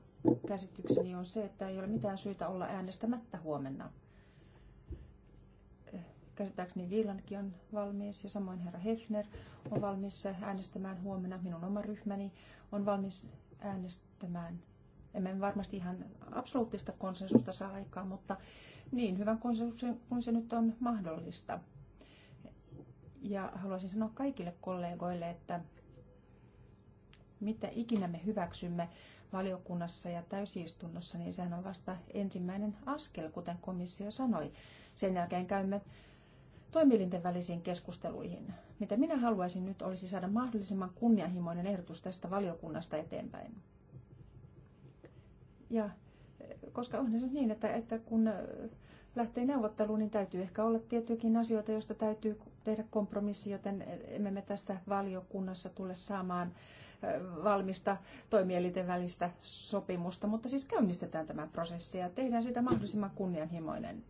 käsitykseni on se, että ei ole mitään syytä olla äänestämättä huomenna. Eh, käsittääkseni Viilankin on valmis ja samoin herra Hefner on valmis äänestämään huomenna. Minun oma ryhmäni on valmis äänestämään. Emme varmasti ihan absoluuttista konsensusta saa aikaan, mutta niin hyvän konsensuksen kuin se nyt on mahdollista. Ja haluaisin sanoa kaikille kollegoille, että mitä ikinä me hyväksymme valiokunnassa ja täysistunnossa, niin sehän on vasta ensimmäinen askel, kuten komissio sanoi. Sen jälkeen käymme toimielinten välisiin keskusteluihin. Mitä minä haluaisin nyt olisi saada mahdollisimman kunnianhimoinen ehdotus tästä valiokunnasta eteenpäin. Ja koska on se niin, että, että kun lähtee neuvotteluun, niin täytyy ehkä olla tiettyjäkin asioita, joista täytyy tehdä kompromissi, joten emme me tässä valiokunnassa tule saamaan valmista toimielinten välistä sopimusta, mutta siis käynnistetään tämä prosessi ja tehdään sitä mahdollisimman kunnianhimoinen.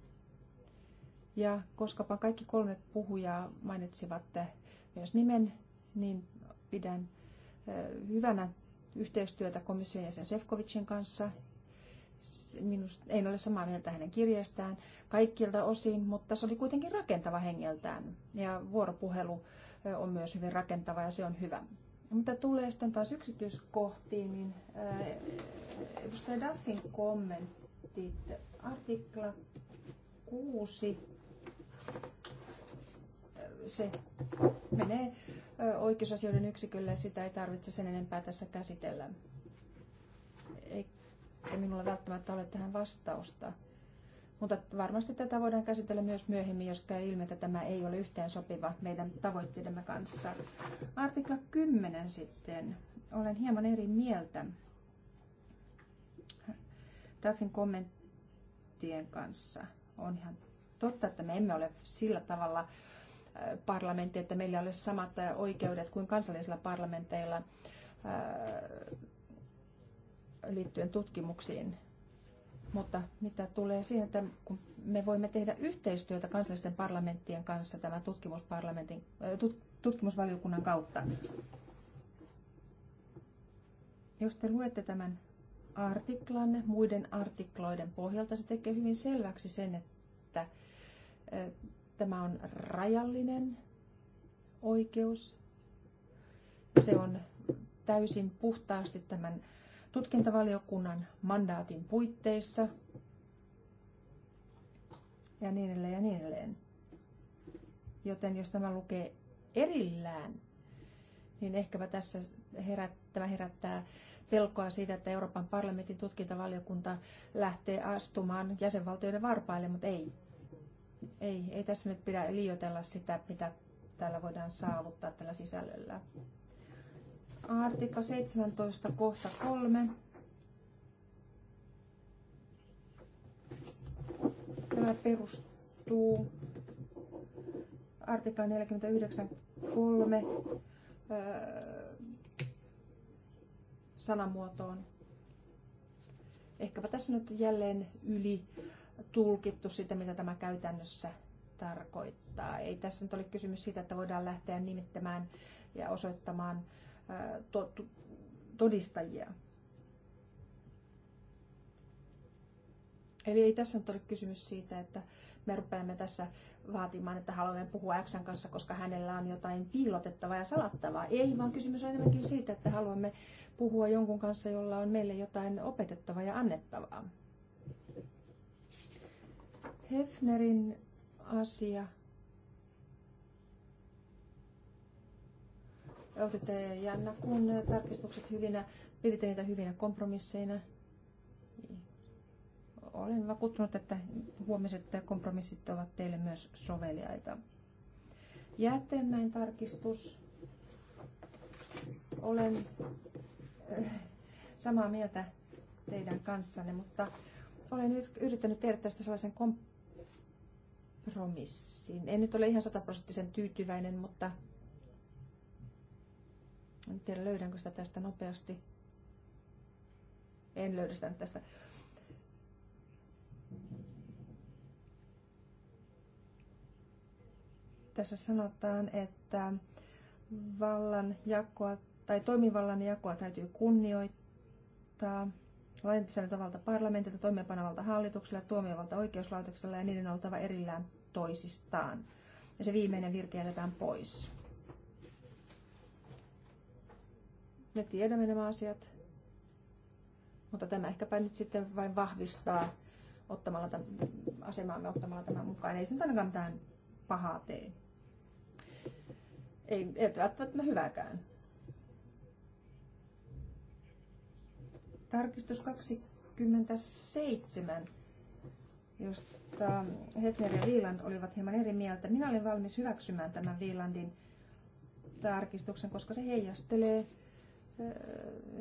Ja koskapa kaikki kolme puhujaa mainitsivat eh, myös nimen, niin pidän eh, hyvänä yhteistyötä komission jäsen Sefcovicin kanssa minusta, en ole samaa mieltä hänen kirjeestään kaikkilta osin, mutta se oli kuitenkin rakentava hengeltään. Ja vuoropuhelu on myös hyvin rakentava ja se on hyvä. Mitä tulee sitten taas yksityiskohtiin, niin edustaja Duffin kommentit, artikla 6, se menee oikeusasioiden yksikölle ja sitä ei tarvitse sen enempää tässä käsitellä eikä minulla välttämättä ole tähän vastausta. Mutta varmasti tätä voidaan käsitellä myös myöhemmin, jos käy ilmi, että tämä ei ole yhteen sopiva meidän tavoitteidemme kanssa. Artikla 10 sitten. Olen hieman eri mieltä Duffin kommenttien kanssa. On ihan totta, että me emme ole sillä tavalla parlamentti, että meillä ole samat oikeudet kuin kansallisilla parlamenteilla liittyen tutkimuksiin. Mutta mitä tulee siihen, että kun me voimme tehdä yhteistyötä kansallisten parlamenttien kanssa tämän tutkimusparlamentin, äh, tutkimusvaliokunnan kautta. Jos te luette tämän artiklan muiden artikloiden pohjalta, se tekee hyvin selväksi sen, että äh, tämä on rajallinen oikeus. Se on täysin puhtaasti tämän tutkintavaliokunnan mandaatin puitteissa ja niin edelleen ja niin edelleen. Joten jos tämä lukee erillään, niin ehkäpä tässä herät, tämä herättää pelkoa siitä, että Euroopan parlamentin tutkintavaliokunta lähtee astumaan jäsenvaltioiden varpaille, mutta ei. Ei, ei tässä nyt pidä liioitella sitä, mitä täällä voidaan saavuttaa tällä sisällöllä. Artikla 17 kohta 3. Tämä perustuu artikla 49.3 öö, sanamuotoon. Ehkäpä tässä nyt jälleen yli tulkittu sitä, mitä tämä käytännössä tarkoittaa. Ei tässä nyt ole kysymys siitä, että voidaan lähteä nimittämään ja osoittamaan todistajia. Eli ei tässä nyt ole kysymys siitä, että me rupeamme tässä vaatimaan, että haluamme puhua X kanssa, koska hänellä on jotain piilotettavaa ja salattavaa. Ei, vaan kysymys on enemmänkin siitä, että haluamme puhua jonkun kanssa, jolla on meille jotain opetettavaa ja annettavaa. Hefnerin asia otitte Janna kun tarkistukset hyvinä, piditte niitä hyvinä kompromisseina. Olen vakuuttunut, että huomiset kompromissit ovat teille myös soveliaita. Jäätteenmäen tarkistus. Olen äh, samaa mieltä teidän kanssanne, mutta olen nyt yrittänyt tehdä tästä sellaisen kompromissin. En nyt ole ihan sataprosenttisen tyytyväinen, mutta en tiedä löydänkö sitä tästä nopeasti. En löydä sitä tästä. Tässä sanotaan, että vallan jakoa tai toimivallan jakoa täytyy kunnioittaa lainsäädäntövalta parlamentilta, toimeenpanavalta hallitukselle ja tuomiovalta oikeuslaitoksella ja niiden on oltava erillään toisistaan. Ja se viimeinen virke jätetään pois. Me tiedämme nämä asiat, mutta tämä ehkäpä nyt sitten vain vahvistaa ottamalla tämän, asemaamme ottamalla tämän mukaan. Ei se ainakaan mitään pahaa tee. Ei, ei välttämättä hyväkään. Tarkistus 27, josta Hefner ja Viiland olivat hieman eri mieltä. Minä olin valmis hyväksymään tämän Viilandin tarkistuksen, koska se heijastelee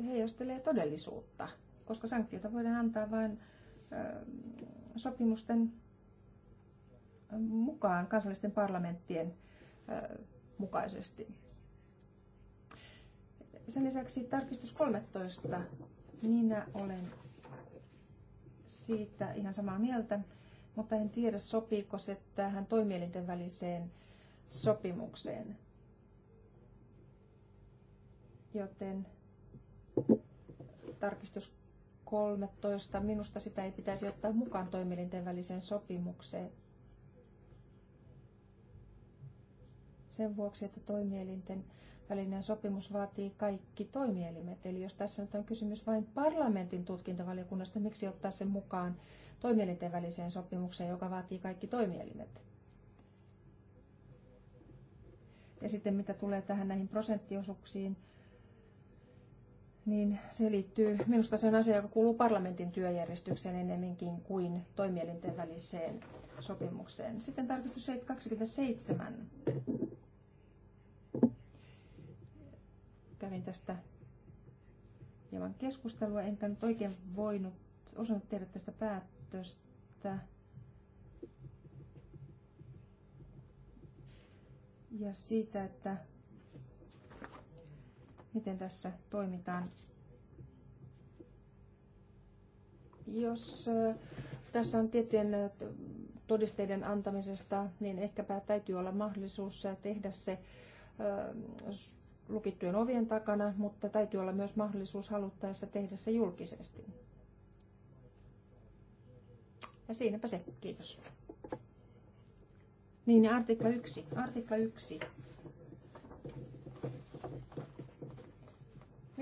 heijastelee todellisuutta, koska sanktioita voidaan antaa vain sopimusten mukaan kansallisten parlamenttien mukaisesti. Sen lisäksi tarkistus 13. Minä olen siitä ihan samaa mieltä, mutta en tiedä sopiiko se tähän toimielinten väliseen sopimukseen. Joten tarkistus 13, minusta sitä ei pitäisi ottaa mukaan toimielinten väliseen sopimukseen. Sen vuoksi, että toimielinten välinen sopimus vaatii kaikki toimielimet. Eli jos tässä nyt on kysymys vain parlamentin tutkintavaliokunnasta, miksi ottaa sen mukaan toimielinten väliseen sopimukseen, joka vaatii kaikki toimielimet? Ja sitten mitä tulee tähän näihin prosenttiosuuksiin, niin se liittyy, minusta se on asia, joka kuuluu parlamentin työjärjestykseen enemmänkin kuin toimielinten väliseen sopimukseen. Sitten tarkistus 27. Kävin tästä hieman keskustelua, enkä nyt oikein voinut, osannut tehdä tästä päätöstä. Ja siitä, että miten tässä toimitaan. Jos tässä on tiettyjen todisteiden antamisesta, niin ehkäpä täytyy olla mahdollisuus tehdä se lukittujen ovien takana, mutta täytyy olla myös mahdollisuus haluttaessa tehdä se julkisesti. Ja siinäpä se. Kiitos. Niin, artikla 1. Artikla 1.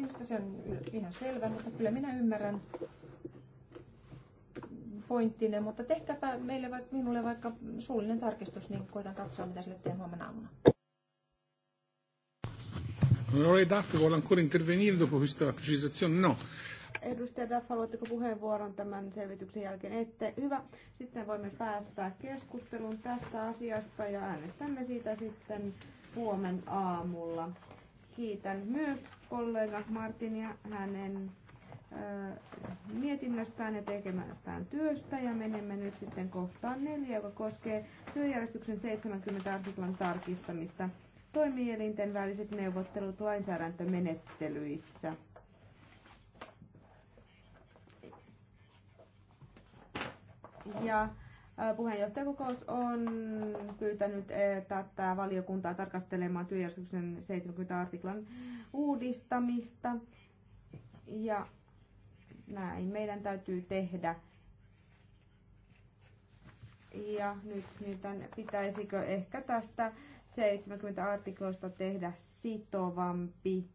Minusta se on ihan selvä, mutta kyllä minä ymmärrän pointtine, mutta tehkääpä meille, vaikka, minulle vaikka suullinen tarkistus, niin koitan katsoa, mitä sille teen huomenna aamuna. Onorevole Daffi, vuole ancora intervenire dopo questa precisazione? No. Edustaja Daff, haluatteko puheenvuoron tämän selvityksen jälkeen? Ette. Hyvä. Sitten voimme päättää keskustelun tästä asiasta ja äänestämme siitä sitten huomen aamulla. Kiitän myös kollega ja hänen mietinnöstään ja tekemästään työstä ja menemme nyt sitten kohtaan neljä, joka koskee työjärjestyksen 70 artiklan tarkistamista toimielinten väliset neuvottelut lainsäädäntömenettelyissä. Ja Puheenjohtajakokous on pyytänyt e, tätä valiokuntaa tarkastelemaan työjärjestyksen 70 artiklan uudistamista. Ja näin meidän täytyy tehdä. Ja nyt mietin, pitäisikö ehkä tästä 70 artikloista tehdä sitovampi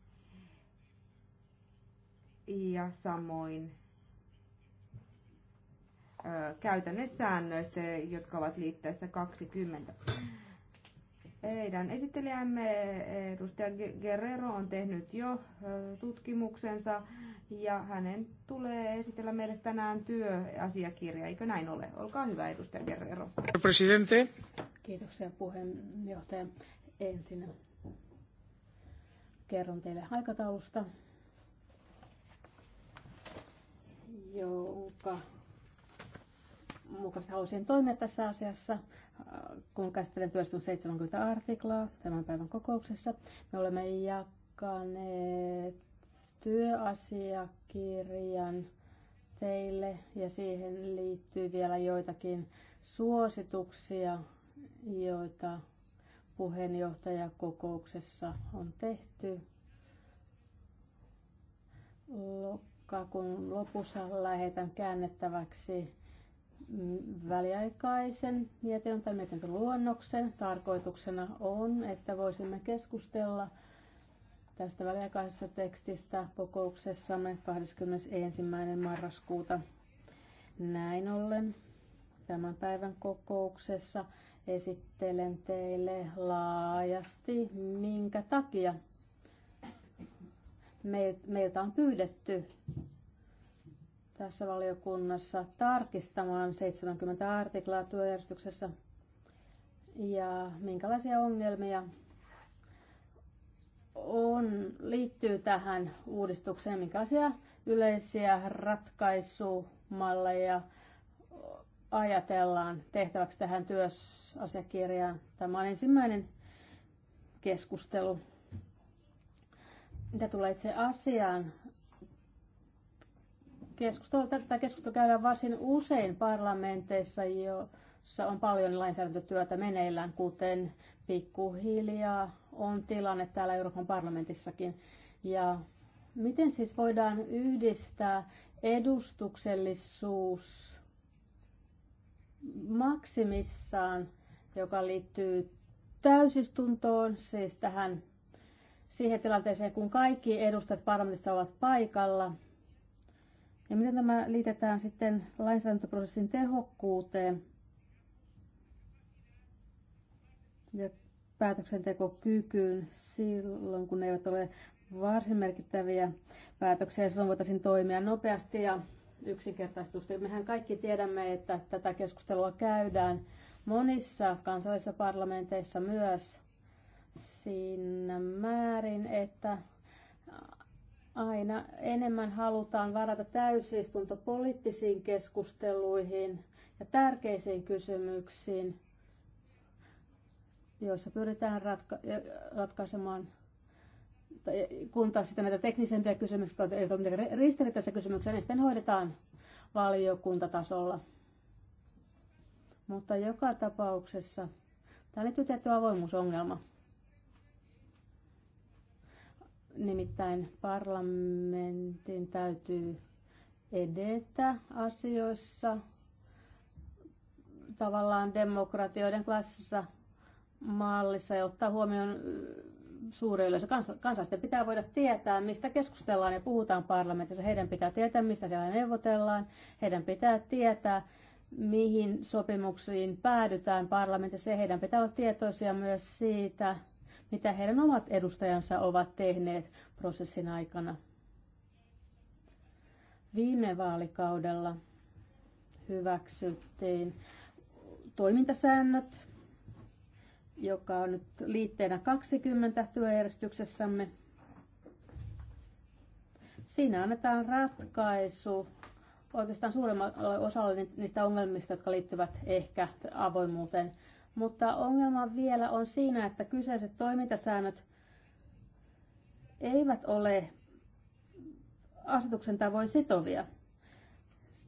ja samoin säännöistä, jotka ovat liitteessä 20. Meidän esittelijämme edustaja Guerrero on tehnyt jo tutkimuksensa ja hänen tulee esitellä meille tänään työasiakirja, eikö näin ole? Olkaa hyvä, edustaja Guerrero. Presidente. Kiitoksia puheenjohtaja. Ensin kerron teille aikataulusta, joka mukaisesti halusin toimia tässä asiassa, äh, kun käsittelen työstön 70 artiklaa tämän päivän kokouksessa. Me olemme jakaneet työasiakirjan teille ja siihen liittyy vielä joitakin suosituksia, joita puheenjohtajakokouksessa on tehty. Lokakuun lopussa lähetän käännettäväksi väliaikaisen mietinnön tai mietintöluonnoksen. Tarkoituksena on, että voisimme keskustella tästä väliaikaisesta tekstistä kokouksessamme 21. marraskuuta. Näin ollen tämän päivän kokouksessa esittelen teille laajasti, minkä takia meiltä on pyydetty tässä valiokunnassa tarkistamaan 70 artiklaa työjärjestyksessä ja minkälaisia ongelmia on, liittyy tähän uudistukseen, minkälaisia yleisiä ratkaisumalleja ajatellaan tehtäväksi tähän työasiakirjaan. Tämä on ensimmäinen keskustelu. Mitä tulee itse asiaan, Keskustelua, tätä keskustelua käydään varsin usein parlamenteissa, joissa on paljon lainsäädäntötyötä meneillään, kuten pikkuhiljaa on tilanne täällä Euroopan parlamentissakin. Ja miten siis voidaan yhdistää edustuksellisuus maksimissaan, joka liittyy täysistuntoon, siis tähän siihen tilanteeseen, kun kaikki edustajat parlamentissa ovat paikalla – ja miten tämä liitetään sitten lainsäädäntöprosessin tehokkuuteen ja päätöksentekokykyyn silloin, kun ne eivät ole varsin merkittäviä päätöksiä ja silloin voitaisiin toimia nopeasti ja yksinkertaistusti. Mehän kaikki tiedämme, että tätä keskustelua käydään monissa kansallisissa parlamenteissa myös siinä määrin, että Aina enemmän halutaan varata täysistunto poliittisiin keskusteluihin ja tärkeisiin kysymyksiin, joissa pyritään ratka- ratkaisemaan kun taas sitten näitä teknisempiä kysymyksiä, jotka eivät ole mitenkään ristiriitaisia kysymyksiä, niin sitten hoidetaan valiokuntatasolla. Mutta joka tapauksessa tämä liittyy tietty avoimuusongelma. Nimittäin parlamentin täytyy edetä asioissa tavallaan demokratioiden klassissa mallissa ja ottaa huomioon suuri yleisö. Kansalaisten pitää voida tietää, mistä keskustellaan ja puhutaan parlamentissa. Heidän pitää tietää, mistä siellä neuvotellaan. Heidän pitää tietää, mihin sopimuksiin päädytään parlamentissa. heidän pitää olla tietoisia myös siitä, mitä heidän omat edustajansa ovat tehneet prosessin aikana. Viime vaalikaudella hyväksyttiin toimintasäännöt, joka on nyt liitteenä 20 työjärjestyksessämme. Siinä annetaan ratkaisu oikeastaan suurimmalle osalle niistä ongelmista, jotka liittyvät ehkä avoimuuteen. Mutta ongelma vielä on siinä, että kyseiset toimintasäännöt eivät ole asetuksen tavoin sitovia.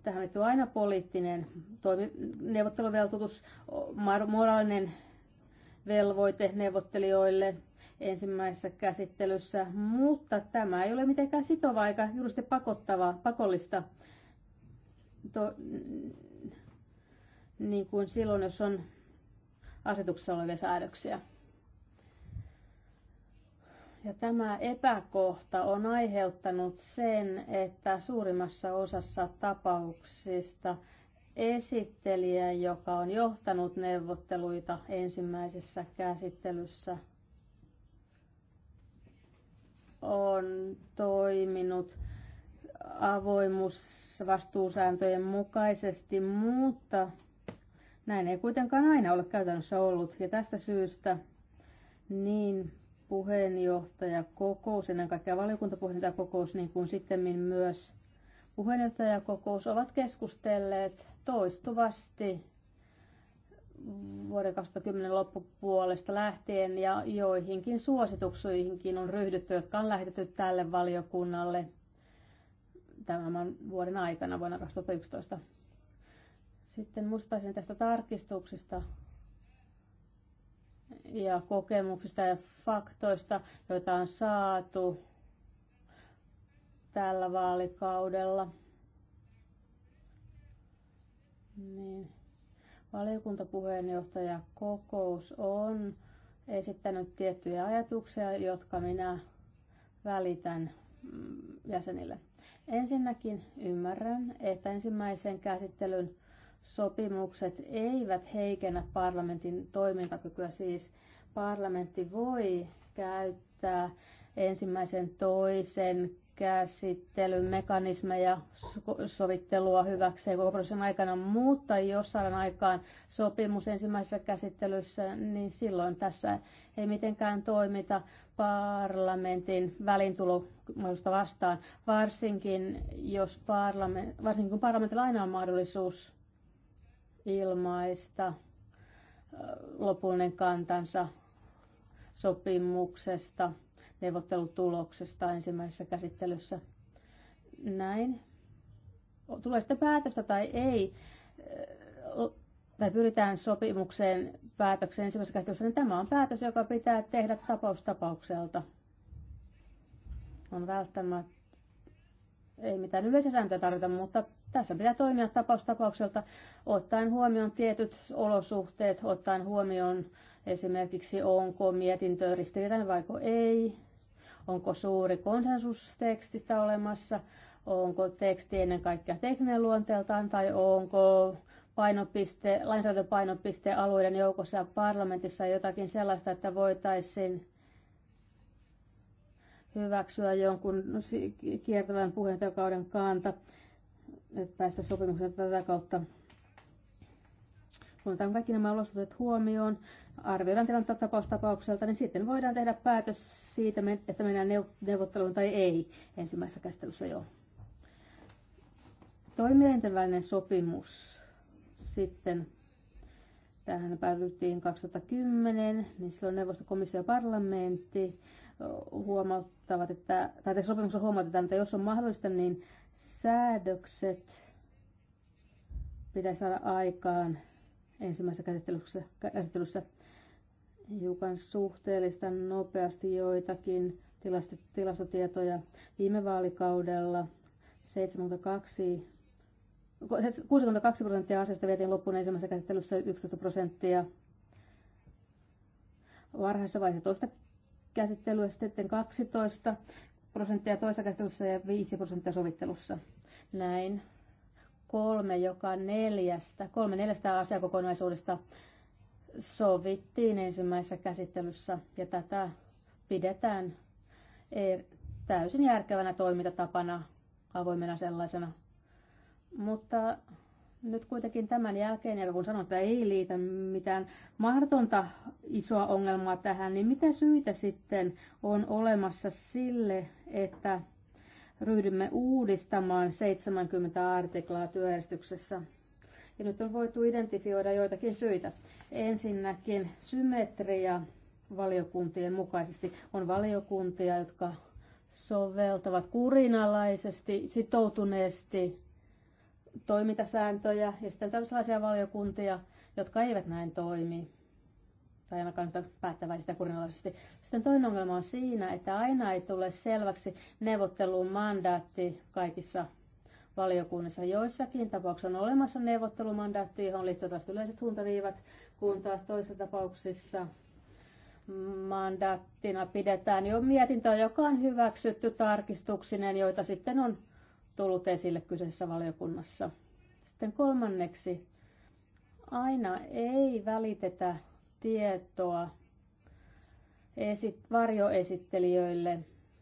Tähän liittyy aina poliittinen toimi, neuvotteluveltutus, moraalinen velvoite neuvottelijoille ensimmäisessä käsittelyssä, mutta tämä ei ole mitenkään sitova eikä juuri pakottavaa, pakollista. To, niin kuin silloin, jos on asetuksessa olevia säädöksiä. Ja tämä epäkohta on aiheuttanut sen, että suurimmassa osassa tapauksista esittelijä, joka on johtanut neuvotteluita ensimmäisessä käsittelyssä, on toiminut avoimuusvastuusääntöjen mukaisesti, mutta näin ei kuitenkaan aina ole käytännössä ollut ja tästä syystä niin puheenjohtajakokous, ennen kaikkea valiokuntapuheenjohtajakokous, niin kuin sitten myös puheenjohtajakokous ovat keskustelleet toistuvasti vuoden 2010 loppupuolesta lähtien ja joihinkin suosituksiinkin on ryhdytty, jotka on lähetetty tälle valiokunnalle tämän vuoden aikana vuonna 2011. Sitten muistaisin tästä tarkistuksista ja kokemuksista ja faktoista, joita on saatu tällä vaalikaudella. Niin. Valiokuntapuheenjohtaja kokous on esittänyt tiettyjä ajatuksia, jotka minä välitän mm, jäsenille. Ensinnäkin ymmärrän, että ensimmäisen käsittelyn Sopimukset eivät heikennä parlamentin toimintakykyä, siis parlamentti voi käyttää ensimmäisen, toisen käsittelyn mekanismeja sovittelua hyväkseen koko prosessin aikana, mutta jos saadaan aikaan sopimus ensimmäisessä käsittelyssä, niin silloin tässä ei mitenkään toimita parlamentin välintulomahdollisuutta vastaan, varsinkin, jos parlament, varsinkin kun parlamentilla aina on mahdollisuus ilmaista lopullinen kantansa sopimuksesta, neuvottelutuloksesta ensimmäisessä käsittelyssä. Näin. Tulee sitten päätöstä tai ei, tai pyritään sopimukseen päätökseen ensimmäisessä käsittelyssä, niin tämä on päätös, joka pitää tehdä tapaustapaukselta. On välttämättä ei mitään yleisiä sääntöjä tarvita, mutta tässä pitää toimia tapaus tapaukselta ottaen huomioon tietyt olosuhteet, ottaen huomioon esimerkiksi onko mietintö ristiriitainen vai ei, onko suuri konsensus tekstistä olemassa, onko teksti ennen kaikkea tekninen luonteeltaan tai onko painopiste, lainsäädäntöpainopiste alueiden joukossa ja parlamentissa jotakin sellaista, että voitaisiin hyväksyä jonkun kiertävän puheenjohtajakauden kanta päästä sopimukseen tätä kautta. Kun otetaan kaikki nämä olosuhteet huomioon, arvioidaan tilannetta tapaustapaukselta, niin sitten voidaan tehdä päätös siitä, että mennään neuvotteluun tai ei ensimmäisessä käsittelyssä jo. Toimielinten välinen sopimus sitten Tähän päädyttiin 2010, niin silloin neuvostokomissio ja parlamentti huomauttavat, että, tai sopimuksessa huomautetaan, että jos on mahdollista, niin säädökset pitäisi saada aikaan ensimmäisessä käsittelyssä, käsittelyssä hiukan suhteellista nopeasti joitakin tilastotietoja. Viime vaalikaudella 72 62 siis prosenttia asioista vietiin loppuun ensimmäisessä käsittelyssä 11 prosenttia. Varhaisessa vaiheessa toista käsittelyä sitten 12 prosenttia toisessa käsittelyssä ja 5 prosenttia sovittelussa. Näin. Kolme joka neljästä, kolme neljästä asiakokonaisuudesta sovittiin ensimmäisessä käsittelyssä ja tätä pidetään e- täysin järkevänä toimintatapana, avoimena sellaisena. Mutta nyt kuitenkin tämän jälkeen, ja kun sanon, että ei liitä mitään mahdotonta isoa ongelmaa tähän, niin mitä syitä sitten on olemassa sille, että ryhdymme uudistamaan 70 artiklaa työjärjestyksessä? Ja nyt on voitu identifioida joitakin syitä. Ensinnäkin symmetria valiokuntien mukaisesti. On valiokuntia, jotka soveltavat kurinalaisesti, sitoutuneesti toimintasääntöjä ja sitten sellaisia valiokuntia, jotka eivät näin toimi tai ainakaan päättäväisesti ja kurinalaisesti. Sitten toinen ongelma on siinä, että aina ei tule selväksi neuvotteluun mandaatti kaikissa valiokunnissa. Joissakin tapauksissa on olemassa neuvottelumandaatti, johon liittyy taas yleiset suuntaviivat, kun taas toisissa tapauksissa mandaattina pidetään jo mietintöä, joka on hyväksytty tarkistuksinen, joita sitten on tullut esille kyseisessä valiokunnassa. Sitten kolmanneksi, aina ei välitetä tietoa esit- varjoesittelijöille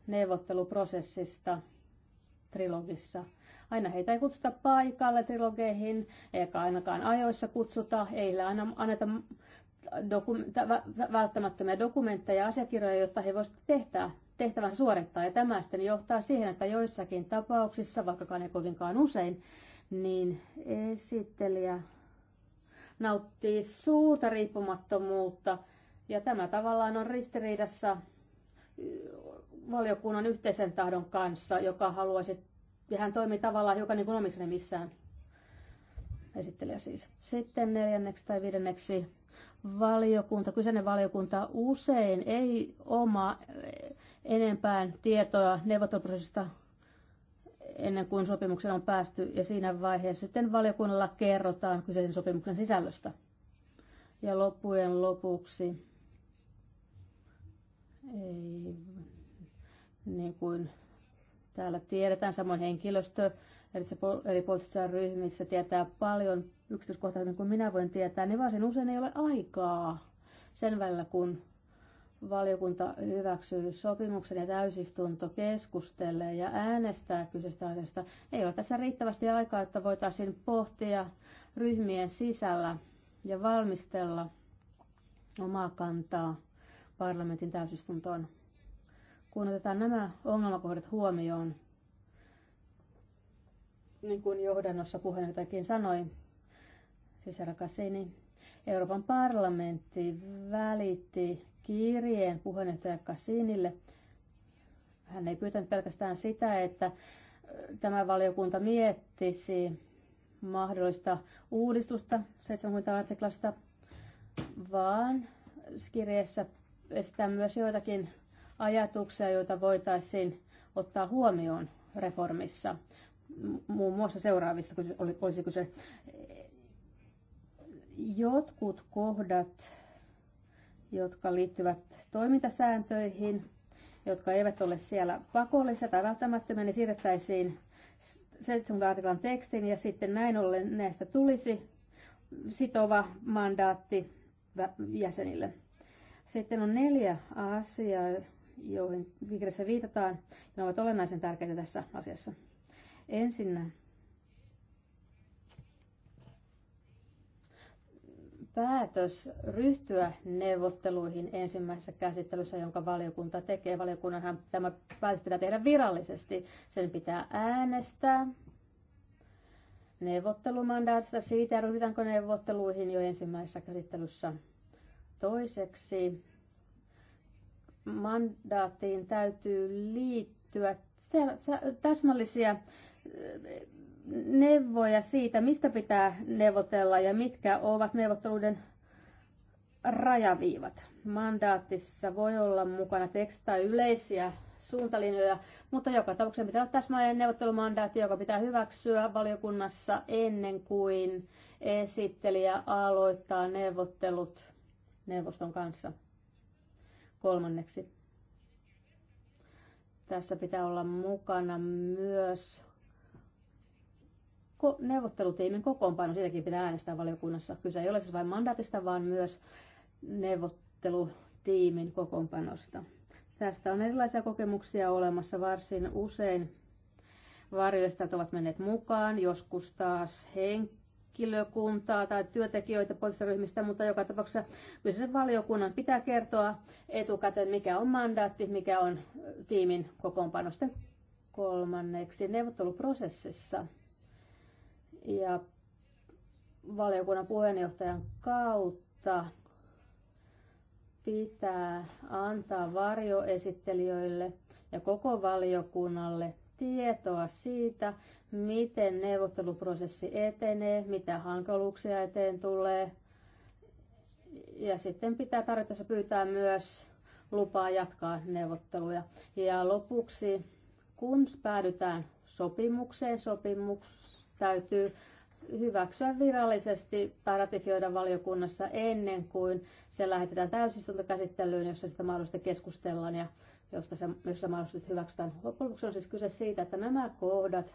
neuvotteluprosessista trilogissa. Aina heitä ei kutsuta paikalle trilogeihin, eikä ainakaan ajoissa kutsuta, ei heillä aina anneta dokum- välttämättömiä dokumentteja ja asiakirjoja, jotta he voisivat tehdä tehtävän suorittaa. Ja tämä sitten johtaa siihen, että joissakin tapauksissa, vaikkakaan ei kovinkaan usein, niin esittelijä nauttii suurta riippumattomuutta. Ja tämä tavallaan on ristiriidassa valiokunnan yhteisen tahdon kanssa, joka haluaisi, ja hän toimii tavallaan hiukan niin kuin omissa missään esittelijä siis. Sitten neljänneksi tai viidenneksi valiokunta, kyseinen valiokunta usein ei oma enempään tietoa neuvotteluprosessista ennen kuin sopimukseen on päästy, ja siinä vaiheessa sitten valiokunnalla kerrotaan kyseisen sopimuksen sisällöstä. Ja loppujen lopuksi, ei, niin kuin täällä tiedetään, samoin henkilöstö eri poliittisissa ryhmissä tietää paljon yksityiskohtaisemmin kuin minä voin tietää, niin varsin usein ei ole aikaa sen välillä, kun valiokunta hyväksyy sopimuksen ja täysistunto keskustelee ja äänestää kyseistä asiasta, ei ole tässä riittävästi aikaa, että voitaisiin pohtia ryhmien sisällä ja valmistella omaa kantaa parlamentin täysistuntoon. Kun otetaan nämä ongelmakohdat huomioon, niin kuin johdannossa puheenjohtajakin sanoi, siis Euroopan parlamentti välitti kirjeen puheenjohtaja Kassinille. Hän ei pyytänyt pelkästään sitä, että tämä valiokunta miettisi mahdollista uudistusta 70 artiklasta, vaan kirjeessä esittää myös joitakin ajatuksia, joita voitaisiin ottaa huomioon reformissa. Muun muassa seuraavista, kun olisi kyse. jotkut kohdat jotka liittyvät toimintasääntöihin, jotka eivät ole siellä pakollisia tai välttämättömiä, niin siirrettäisiin 7 artiklan tekstin ja sitten näin ollen näistä tulisi sitova mandaatti jäsenille. Sitten on neljä asiaa, joihin vihreissä viitataan. Ne ovat olennaisen tärkeitä tässä asiassa. Ensinnä päätös ryhtyä neuvotteluihin ensimmäisessä käsittelyssä, jonka valiokunta tekee. Valiokunnanhan tämä päätös pitää tehdä virallisesti. Sen pitää äänestää neuvottelumandaatista siitä, ryhdytäänkö neuvotteluihin jo ensimmäisessä käsittelyssä. Toiseksi mandaattiin täytyy liittyä täsmällisiä neuvoja siitä, mistä pitää neuvotella ja mitkä ovat neuvotteluiden rajaviivat. Mandaatissa voi olla mukana tai yleisiä suuntalinjoja, mutta joka tapauksessa pitää olla täsmälleen neuvottelumandaatti, joka pitää hyväksyä valiokunnassa ennen kuin esittelijä aloittaa neuvottelut neuvoston kanssa. Kolmanneksi. Tässä pitää olla mukana myös neuvottelutiimin kokoonpano, sitäkin pitää äänestää valiokunnassa. Kyse ei ole siis vain mandaatista, vaan myös neuvottelutiimin kokoonpanosta. Tästä on erilaisia kokemuksia olemassa varsin usein. Varjoistajat ovat menneet mukaan, joskus taas henkilökuntaa tai työntekijöitä poliisiryhmistä, mutta joka tapauksessa kyseisen valiokunnan pitää kertoa etukäteen, mikä on mandaatti, mikä on tiimin kokoonpano. kolmanneksi neuvotteluprosessissa ja valiokunnan puheenjohtajan kautta pitää antaa varjoesittelijöille ja koko valiokunnalle tietoa siitä, miten neuvotteluprosessi etenee, mitä hankaluuksia eteen tulee. Ja sitten pitää tarvittaessa pyytää myös lupaa jatkaa neuvotteluja. Ja lopuksi, kun päädytään sopimukseen, sopimus täytyy hyväksyä virallisesti tai ratifioida valiokunnassa ennen kuin se lähetetään täysistuntokäsittelyyn, jossa sitä mahdollisesti keskustellaan ja josta se, jossa mahdollisesti hyväksytään. Loppujen on siis kyse siitä, että nämä kohdat,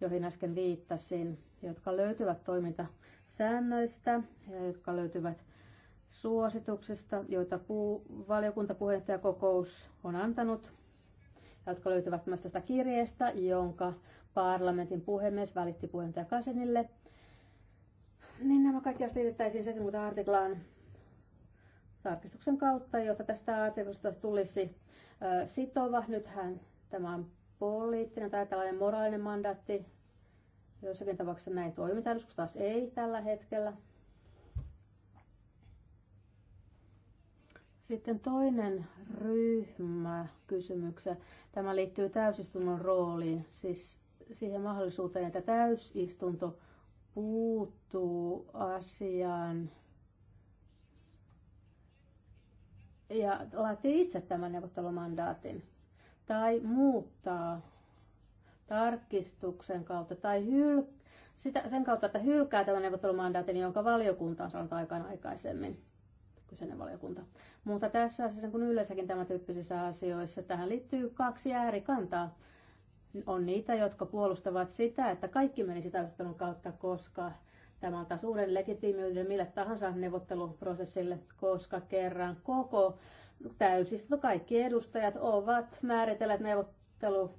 joihin äsken viittasin, jotka löytyvät toimintasäännöistä ja jotka löytyvät suosituksista, joita puu, valiokuntapuheenjohtajakokous on antanut jotka löytyvät myös tästä kirjeestä, jonka parlamentin puhemies välitti puheenjohtaja Kasenille. Niin nämä kaikki asiat liitettäisiin 70 artiklaan tarkistuksen kautta, jotta tästä artiklasta tulisi sitova. Nythän tämä on poliittinen tai tällainen moraalinen mandaatti. Joissakin tapauksissa näin toimitaan, joskus taas ei tällä hetkellä. Sitten toinen ryhmä kysymyksiä. Tämä liittyy täysistunnon rooliin, siis siihen mahdollisuuteen, että täysistunto puuttuu asiaan ja laatii itse tämän neuvottelumandaatin tai muuttaa tarkistuksen kautta tai hyl- sitä, sen kautta, että hylkää tämän neuvottelumandaatin, jonka valiokunta on saanut aikaan aikaisemmin kyseinen valiokunta. Mutta tässä asiassa, kun yleensäkin tämän tyyppisissä asioissa, tähän liittyy kaksi äärikantaa. On niitä, jotka puolustavat sitä, että kaikki menisi taistelun kautta, koska tämä antaa suuren legitiimiyden mille tahansa neuvotteluprosessille, koska kerran koko täysistö, kaikki edustajat ovat määritelleet neuvottelu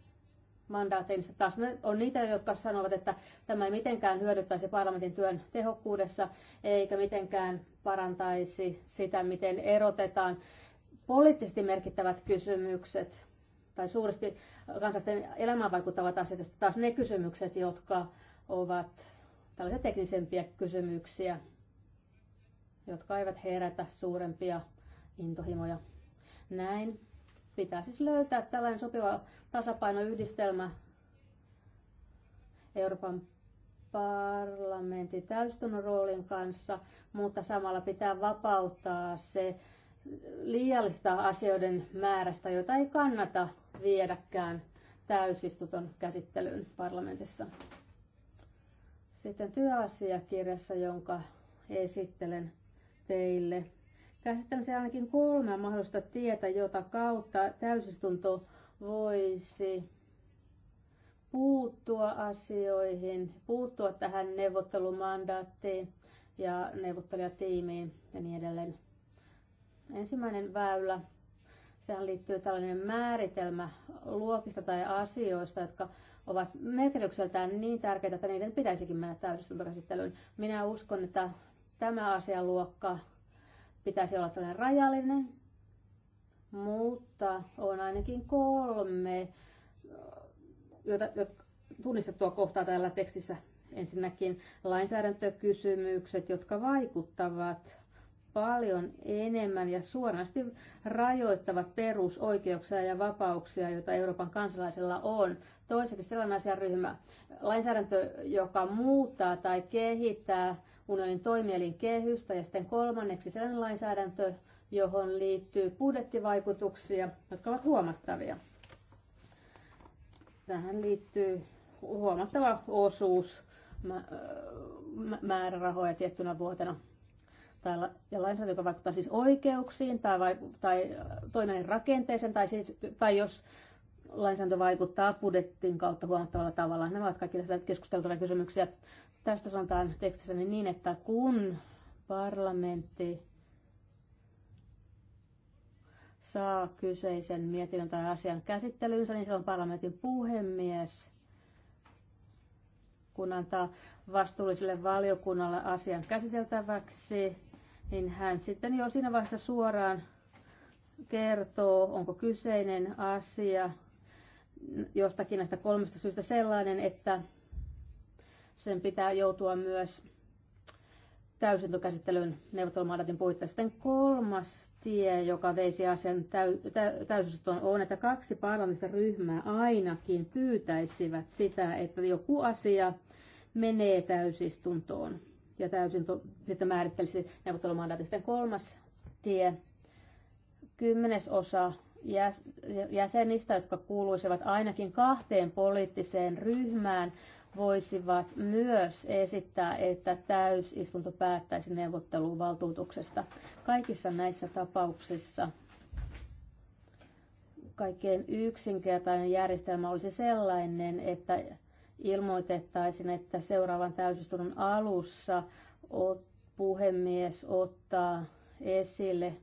mandaateinsa. Taas on niitä, jotka sanovat, että tämä ei mitenkään hyödyttäisi parlamentin työn tehokkuudessa, eikä mitenkään parantaisi sitä, miten erotetaan poliittisesti merkittävät kysymykset tai suuresti kansalaisten elämään vaikuttavat asiat, ja taas ne kysymykset, jotka ovat tällaisia teknisempiä kysymyksiä, jotka eivät herätä suurempia intohimoja. Näin Pitää siis löytää tällainen sopiva tasapainoyhdistelmä Euroopan parlamentin täystunnon roolin kanssa, mutta samalla pitää vapauttaa se liiallista asioiden määrästä, jota ei kannata viedäkään täysistuton käsittelyyn parlamentissa. Sitten työasiakirjassa, jonka esittelen teille Käsittelisin ainakin kolme mahdollista tietä, jota kautta täysistunto voisi puuttua asioihin, puuttua tähän neuvottelumandaattiin ja neuvottelijatiimiin ja niin edelleen. Ensimmäinen väylä, sehän liittyy tällainen määritelmä luokista tai asioista, jotka ovat merkitykseltään niin tärkeitä, että niiden pitäisikin mennä täysistuntokäsittelyyn. Minä uskon, että tämä asialuokka pitäisi olla tällainen rajallinen, mutta on ainakin kolme jota, jota, tunnistettua kohtaa täällä tekstissä. Ensinnäkin lainsäädäntökysymykset, jotka vaikuttavat paljon enemmän ja suorasti rajoittavat perusoikeuksia ja vapauksia, joita Euroopan kansalaisella on. Toiseksi sellainen asiaryhmä, lainsäädäntö, joka muuttaa tai kehittää unionin toimielin kehystä ja sitten kolmanneksi sellainen lainsäädäntö, johon liittyy budjettivaikutuksia, jotka ovat huomattavia. Tähän liittyy huomattava osuus määrärahoja tiettynä vuotena ja lainsäädäntö, joka vaikuttaa siis oikeuksiin tai, tai toiminnan rakenteeseen, tai, siis, tai jos lainsäädäntö vaikuttaa budjettin kautta huomattavalla tavalla. Nämä ovat kaikki tässä keskusteltavia kysymyksiä. Tästä sanotaan tekstissä niin, että kun parlamentti saa kyseisen mietinnön tai asian käsittelyynsä, niin se on parlamentin puhemies, kun antaa vastuulliselle valiokunnalle asian käsiteltäväksi, niin hän sitten jo siinä vaiheessa suoraan kertoo, onko kyseinen asia jostakin näistä kolmesta syystä sellainen, että sen pitää joutua myös täysintokäsittelyn neuvottelumandaatin puitteissa. Sitten kolmas tie, joka veisi asian täy- tä- on, että kaksi parlamentista ryhmää ainakin pyytäisivät sitä, että joku asia menee täysistuntoon ja täysin to- sitten määrittelisi neuvottelumandaatin. Sitten kolmas tie, kymmenesosa jäsenistä, jotka kuuluisivat ainakin kahteen poliittiseen ryhmään, voisivat myös esittää, että täysistunto päättäisi neuvotteluvaltuutuksesta. Kaikissa näissä tapauksissa kaikkein yksinkertainen järjestelmä olisi sellainen, että ilmoitettaisiin, että seuraavan täysistunnon alussa puhemies ottaa esille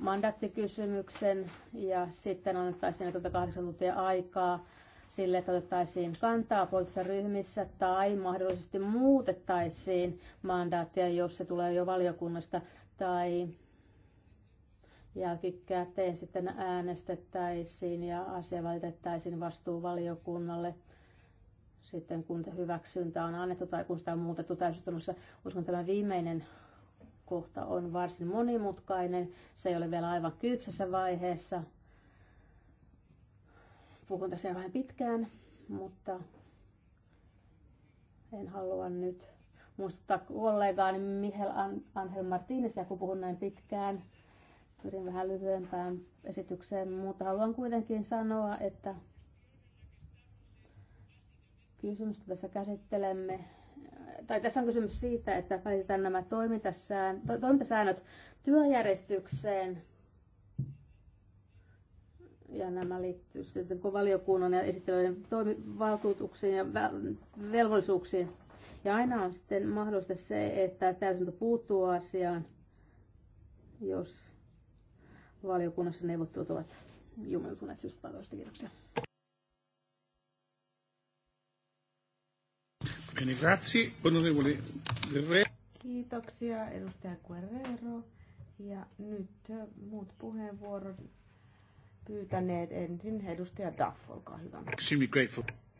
mandaattikysymyksen ja sitten annettaisiin 48 tuntia aikaa sille, että otettaisiin kantaa poliittisissa ryhmissä tai mahdollisesti muutettaisiin mandaattia, jos se tulee jo valiokunnasta tai jälkikäteen sitten äänestettäisiin ja asia valitettaisiin vastuuvaliokunnalle sitten kun hyväksyntä on annettu tai kun sitä on muutettu täysistunnossa. Uskon tämä viimeinen kohta on varsin monimutkainen. Se ei ole vielä aivan kypsässä vaiheessa. Puhun tässä vähän pitkään, mutta en halua nyt muistuttaa kollegaani Mihel Angel Martinezia, kun puhun näin pitkään. Pyrin vähän lyhyempään esitykseen, mutta haluan kuitenkin sanoa, että kysymystä tässä käsittelemme tai tässä on kysymys siitä, että välitetään nämä toimintasään, to, toimintasäännöt työjärjestykseen, ja nämä liittyvät sitten valiokunnan ja esittelyiden valtuutuksiin ja velvollisuuksiin. Ja aina on sitten mahdollista se, että täysintö puuttuu asiaan, jos valiokunnassa neuvottelut ovat jumeltuneet syystä Kiitoksia. Bene, grazie. Onorevole Kiitoksia edustaja Guerrero. Ja nyt muut puheenvuorot pyytäneet ensin edustaja Duff, olkaa hyvä.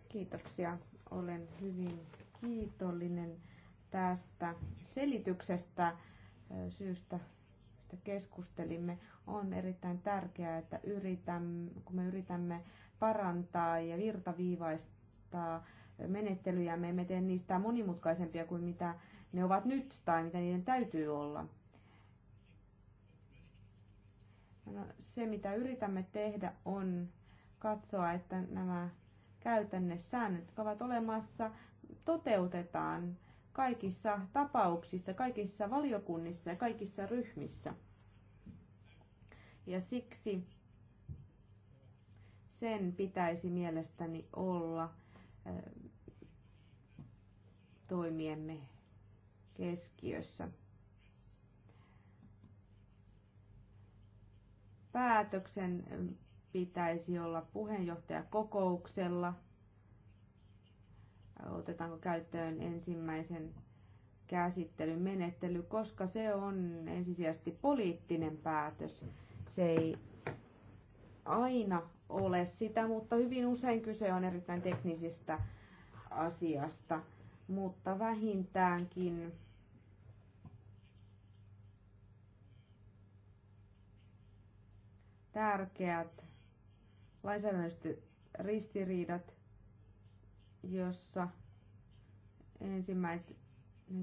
Kiitoksia. Olen hyvin kiitollinen tästä selityksestä syystä, että keskustelimme. On erittäin tärkeää, että yritämme, kun me yritämme parantaa ja virtaviivaistaa menettelyjä, me emme tee niistä monimutkaisempia kuin mitä ne ovat nyt tai mitä niiden täytyy olla. No, se, mitä yritämme tehdä, on katsoa, että nämä käytännessäännöt, jotka ovat olemassa, toteutetaan kaikissa tapauksissa, kaikissa valiokunnissa ja kaikissa ryhmissä. Ja siksi sen pitäisi mielestäni olla toimiemme keskiössä. Päätöksen pitäisi olla puheenjohtajakokouksella. Otetaanko käyttöön ensimmäisen käsittelyn menettely, koska se on ensisijaisesti poliittinen päätös. Se ei aina ole sitä, mutta hyvin usein kyse on erittäin teknisistä asiasta mutta vähintäänkin tärkeät lainsäädännölliset ristiriidat, jossa ensimmäinen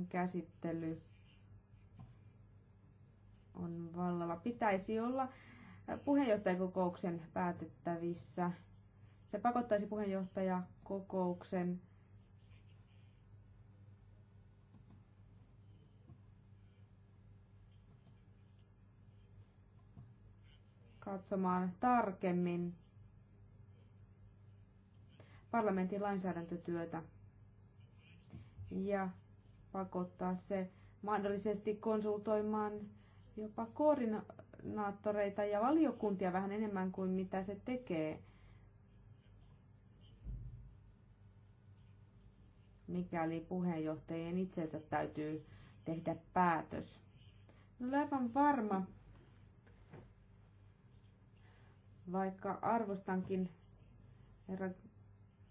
käsittely on vallalla. Pitäisi olla puheenjohtajakokouksen päätettävissä. Se pakottaisi puheenjohtajakokouksen kokouksen katsomaan tarkemmin parlamentin lainsäädäntötyötä ja pakottaa se mahdollisesti konsultoimaan jopa koordinaattoreita ja valiokuntia vähän enemmän kuin mitä se tekee. mikäli puheenjohtajien itsensä täytyy tehdä päätös. No, en aivan varma, Vaikka arvostankin herra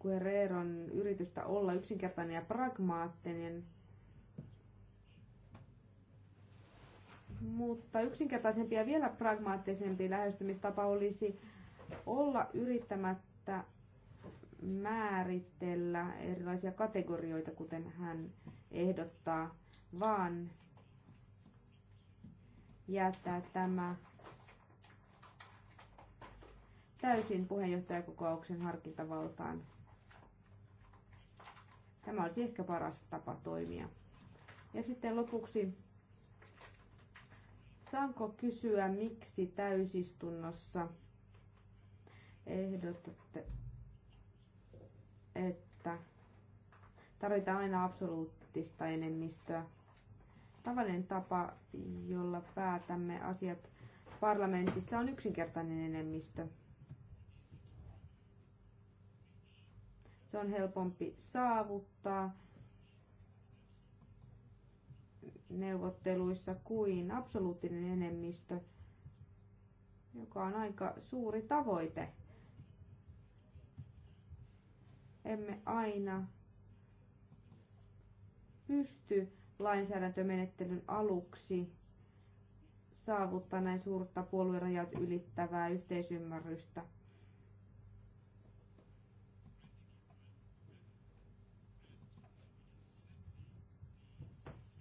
Guerreron yritystä olla yksinkertainen ja pragmaattinen, mutta yksinkertaisempi ja vielä pragmaattisempi lähestymistapa olisi olla yrittämättä määritellä erilaisia kategorioita, kuten hän ehdottaa, vaan jättää tämä täysin puheenjohtajakokouksen harkintavaltaan. Tämä olisi ehkä paras tapa toimia. Ja sitten lopuksi, saanko kysyä, miksi täysistunnossa ehdotatte, että tarvitaan aina absoluuttista enemmistöä? Tavallinen tapa, jolla päätämme asiat parlamentissa, on yksinkertainen enemmistö. se on helpompi saavuttaa neuvotteluissa kuin absoluuttinen enemmistö, joka on aika suuri tavoite. Emme aina pysty lainsäädäntömenettelyn aluksi saavuttaa näin suurta puoluerajat ylittävää yhteisymmärrystä.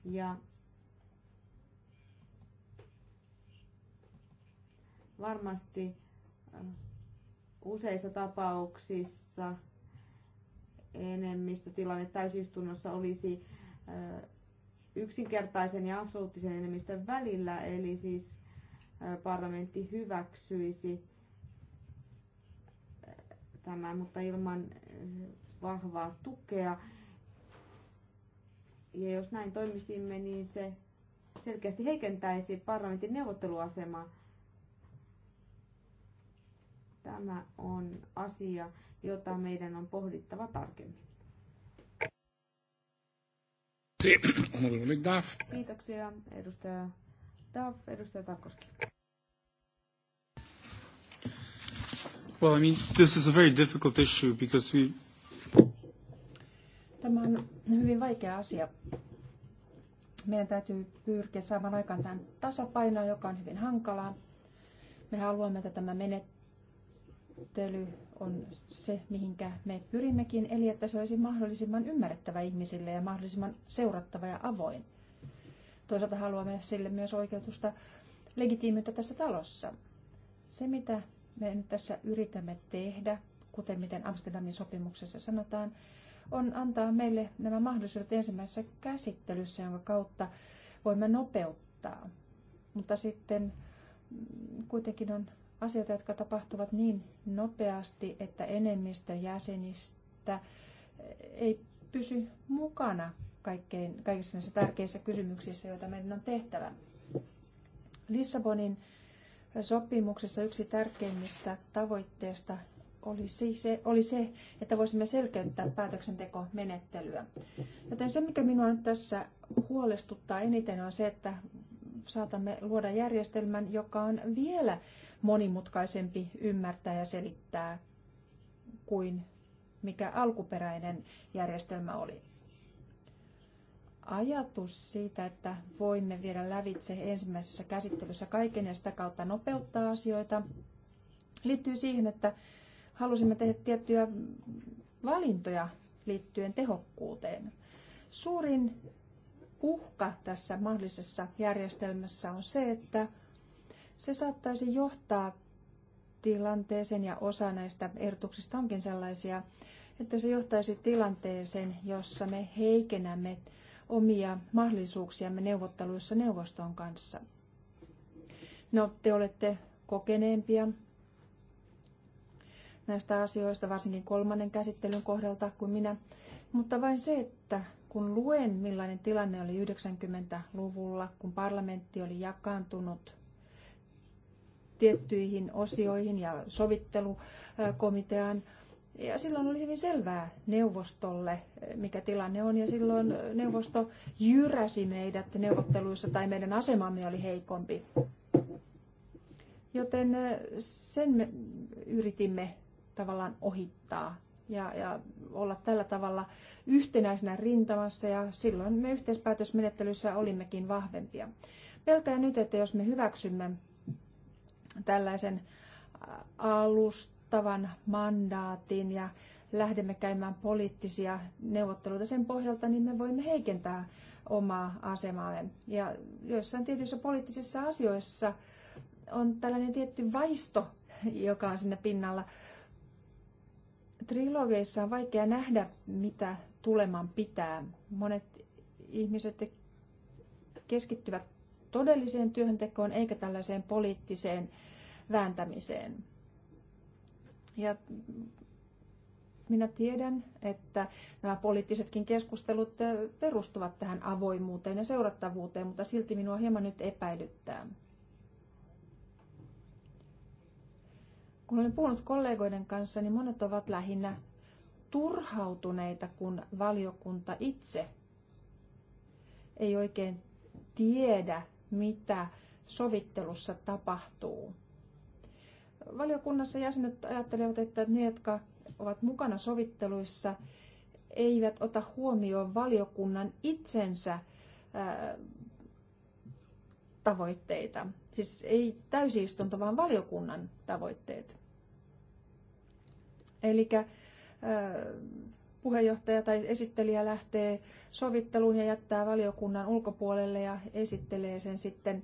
Ja varmasti äh, useissa tapauksissa enemmistötilanne täysistunnossa olisi äh, yksinkertaisen ja absoluuttisen enemmistön välillä, eli siis äh, parlamentti hyväksyisi tämän, mutta ilman vahvaa tukea ja jos näin toimisimme, niin se selkeästi heikentäisi parlamentin neuvotteluasemaa. Tämä on asia, jota meidän on pohdittava tarkemmin. Kiitoksia, edustaja Daff, edustaja Tarkoski. Well, I mean, this is a very difficult issue because we Tämä on hyvin vaikea asia. Meidän täytyy pyrkiä saamaan aikaan tämän tasapainoa, joka on hyvin hankalaa. Me haluamme, että tämä menettely on se, mihinkä me pyrimmekin, eli että se olisi mahdollisimman ymmärrettävä ihmisille ja mahdollisimman seurattava ja avoin. Toisaalta haluamme sille myös oikeutusta legitiimiyttä tässä talossa. Se, mitä me nyt tässä yritämme tehdä, kuten miten Amsterdamin sopimuksessa sanotaan, on antaa meille nämä mahdollisuudet ensimmäisessä käsittelyssä, jonka kautta voimme nopeuttaa. Mutta sitten mm, kuitenkin on asioita, jotka tapahtuvat niin nopeasti, että enemmistö jäsenistä eh, ei pysy mukana kaikkein, kaikissa näissä tärkeissä kysymyksissä, joita meidän on tehtävä. Lissabonin sopimuksessa yksi tärkeimmistä tavoitteista olisi siis se, oli se, että voisimme selkeyttää päätöksentekomenettelyä. Joten se, mikä minua nyt tässä huolestuttaa eniten, on se, että saatamme luoda järjestelmän, joka on vielä monimutkaisempi ymmärtää ja selittää kuin mikä alkuperäinen järjestelmä oli. Ajatus siitä, että voimme viedä lävitse ensimmäisessä käsittelyssä kaiken ja sitä kautta nopeuttaa asioita, liittyy siihen, että halusimme tehdä tiettyjä valintoja liittyen tehokkuuteen. Suurin uhka tässä mahdollisessa järjestelmässä on se, että se saattaisi johtaa tilanteeseen ja osa näistä ehdotuksista onkin sellaisia, että se johtaisi tilanteeseen, jossa me heikennämme omia mahdollisuuksiamme neuvotteluissa neuvoston kanssa. No, te olette kokeneempia näistä asioista, varsinkin kolmannen käsittelyn kohdalta kuin minä. Mutta vain se, että kun luen millainen tilanne oli 90-luvulla, kun parlamentti oli jakaantunut tiettyihin osioihin ja sovittelukomiteaan, ja silloin oli hyvin selvää neuvostolle, mikä tilanne on, ja silloin neuvosto jyräsi meidät neuvotteluissa, tai meidän asemamme oli heikompi. Joten sen me yritimme tavallaan ohittaa ja, ja olla tällä tavalla yhtenäisenä rintamassa ja silloin me yhteispäätösmenettelyssä olimmekin vahvempia. Pelkää nyt, että jos me hyväksymme tällaisen äh, alustavan mandaatin ja lähdemme käymään poliittisia neuvotteluita sen pohjalta, niin me voimme heikentää omaa asemaamme. Ja joissain tietyissä poliittisissa asioissa on tällainen tietty vaisto, joka on sinne pinnalla Trilogeissa on vaikea nähdä, mitä tuleman pitää. Monet ihmiset keskittyvät todelliseen työntekoon eikä tällaiseen poliittiseen vääntämiseen. Ja minä tiedän, että nämä poliittisetkin keskustelut perustuvat tähän avoimuuteen ja seurattavuuteen, mutta silti minua hieman nyt epäilyttää. Kun olen puhunut kollegoiden kanssa, niin monet ovat lähinnä turhautuneita, kun valiokunta itse ei oikein tiedä, mitä sovittelussa tapahtuu. Valiokunnassa jäsenet ajattelevat, että ne, jotka ovat mukana sovitteluissa, eivät ota huomioon valiokunnan itsensä ää, tavoitteita. Siis ei täysistunto, vaan valiokunnan tavoitteet. Eli puheenjohtaja tai esittelijä lähtee sovitteluun ja jättää valiokunnan ulkopuolelle ja esittelee sen sitten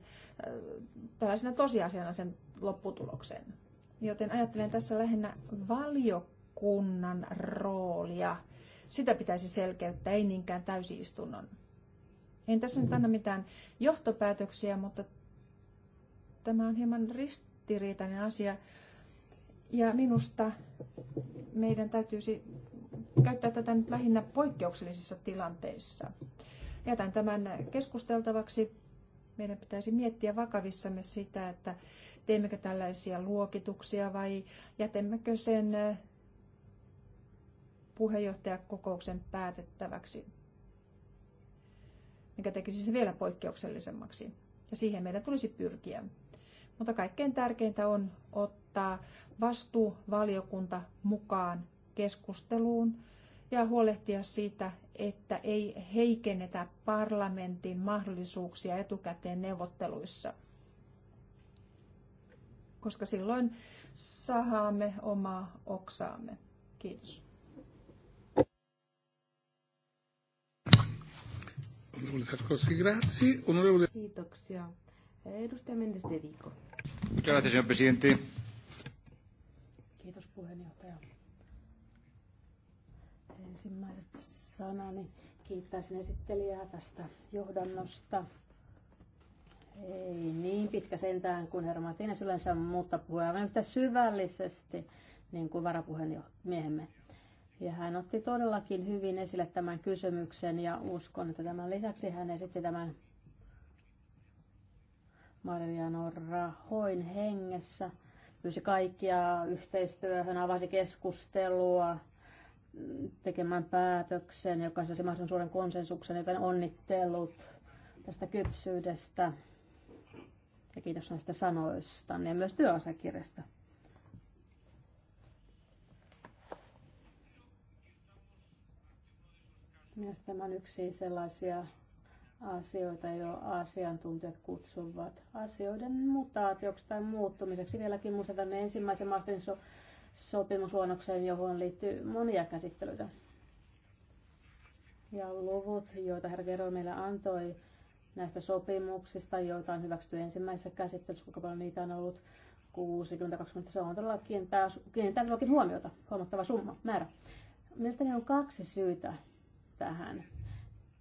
tällaisena tosiasiana sen lopputuloksen. Joten ajattelen tässä lähinnä valiokunnan roolia. Sitä pitäisi selkeyttää, ei niinkään täysistunnon. En tässä nyt mm-hmm. anna mitään johtopäätöksiä, mutta tämä on hieman ristiriitainen asia. Ja minusta meidän täytyisi käyttää tätä nyt lähinnä poikkeuksellisissa tilanteissa. Jätän tämän keskusteltavaksi. Meidän pitäisi miettiä vakavissamme sitä, että teemmekö tällaisia luokituksia vai jätemmekö sen puheenjohtajakokouksen päätettäväksi, mikä tekisi se vielä poikkeuksellisemmaksi. Ja siihen meidän tulisi pyrkiä. Mutta kaikkein tärkeintä on ottaa ottaa vastuuvaliokunta mukaan keskusteluun ja huolehtia siitä, että ei heikennetä parlamentin mahdollisuuksia etukäteen neuvotteluissa. Koska silloin sahaamme omaa oksaamme. Kiitos. Kiitoksia. Edustaja Mendes de Vico. Gracias, señor presidente puheenjohtaja. Ensimmäiset sanani kiittäisin esittelijää tästä johdannosta. Ei niin pitkä sentään kuin herra Martínez yleensä, mutta puhui aivan yhtä syvällisesti niin kuin varapuheenjohtajamme. Ja hän otti todellakin hyvin esille tämän kysymyksen ja uskon, että tämän lisäksi hän esitti tämän Mariano Rahoin hengessä – pyysi kaikkia yhteistyöhön, avasi keskustelua, tekemään päätöksen, joka saisi mahdollisimman suuren konsensuksen, joten onnittelut tästä kypsyydestä ja kiitos näistä sanoista ja myös työasiakirjasta. Mielestäni tämä on yksi sellaisia asioita, jo asiantuntijat kutsuvat asioiden mutaatioksi tai muuttumiseksi. Vieläkin muistetaan ensimmäisen maastin so- sopimusluonnokseen, johon liittyy monia käsittelyitä. Ja luvut, joita herra Gero meille antoi näistä sopimuksista, joita on hyväksytty ensimmäisessä käsittelyssä, kuinka paljon niitä on ollut, 62, mutta se on todella kiinnittää, kiinnittää todellakin huomiota, huomattava summa, määrä. Mielestäni on kaksi syytä tähän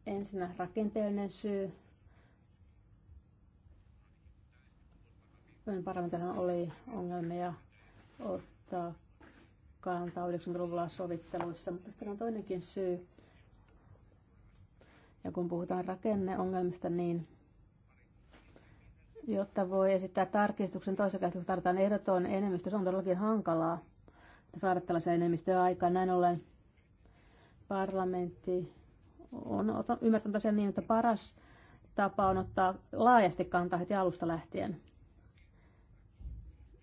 Ensinnä rakenteellinen syy. Parametrihan oli ongelmia ottaa kantaa 90-luvulla sovitteluissa, mutta sitten on toinenkin syy. Ja kun puhutaan rakenneongelmista, niin jotta voi esittää tarkistuksen toisen käsittelyssä, tarvitaan ehdoton enemmistö. Se on todellakin hankalaa saada tällaisen enemmistöä aikaan. Näin ollen parlamentti on ymmärtänyt sen niin, että paras tapa on ottaa laajasti kantaa heti alusta lähtien.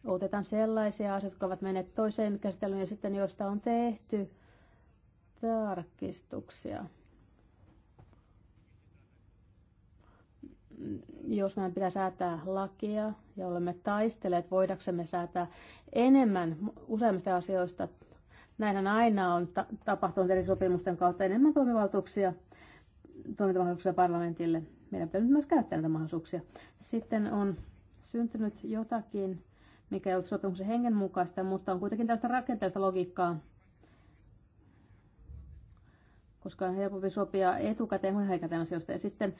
Otetaan sellaisia asioita, jotka ovat menneet toiseen käsittelyyn ja sitten joista on tehty tarkistuksia. jos meidän pitää säätää lakia ja olemme taistelleet, voidaksemme säätää enemmän useimmista asioista Näinhän aina on ta- tapahtunut eri sopimusten kautta enemmän toimivaltuuksia, toimintamahdollisuuksia parlamentille. Meidän pitää nyt myös käyttää näitä mahdollisuuksia. Sitten on syntynyt jotakin, mikä ei ollut sopimuksen hengen mukaista, mutta on kuitenkin tällaista rakenteellista logiikkaa, koska on helpompi sopia etukäteen kuin heikäteen asioista. Ja sitten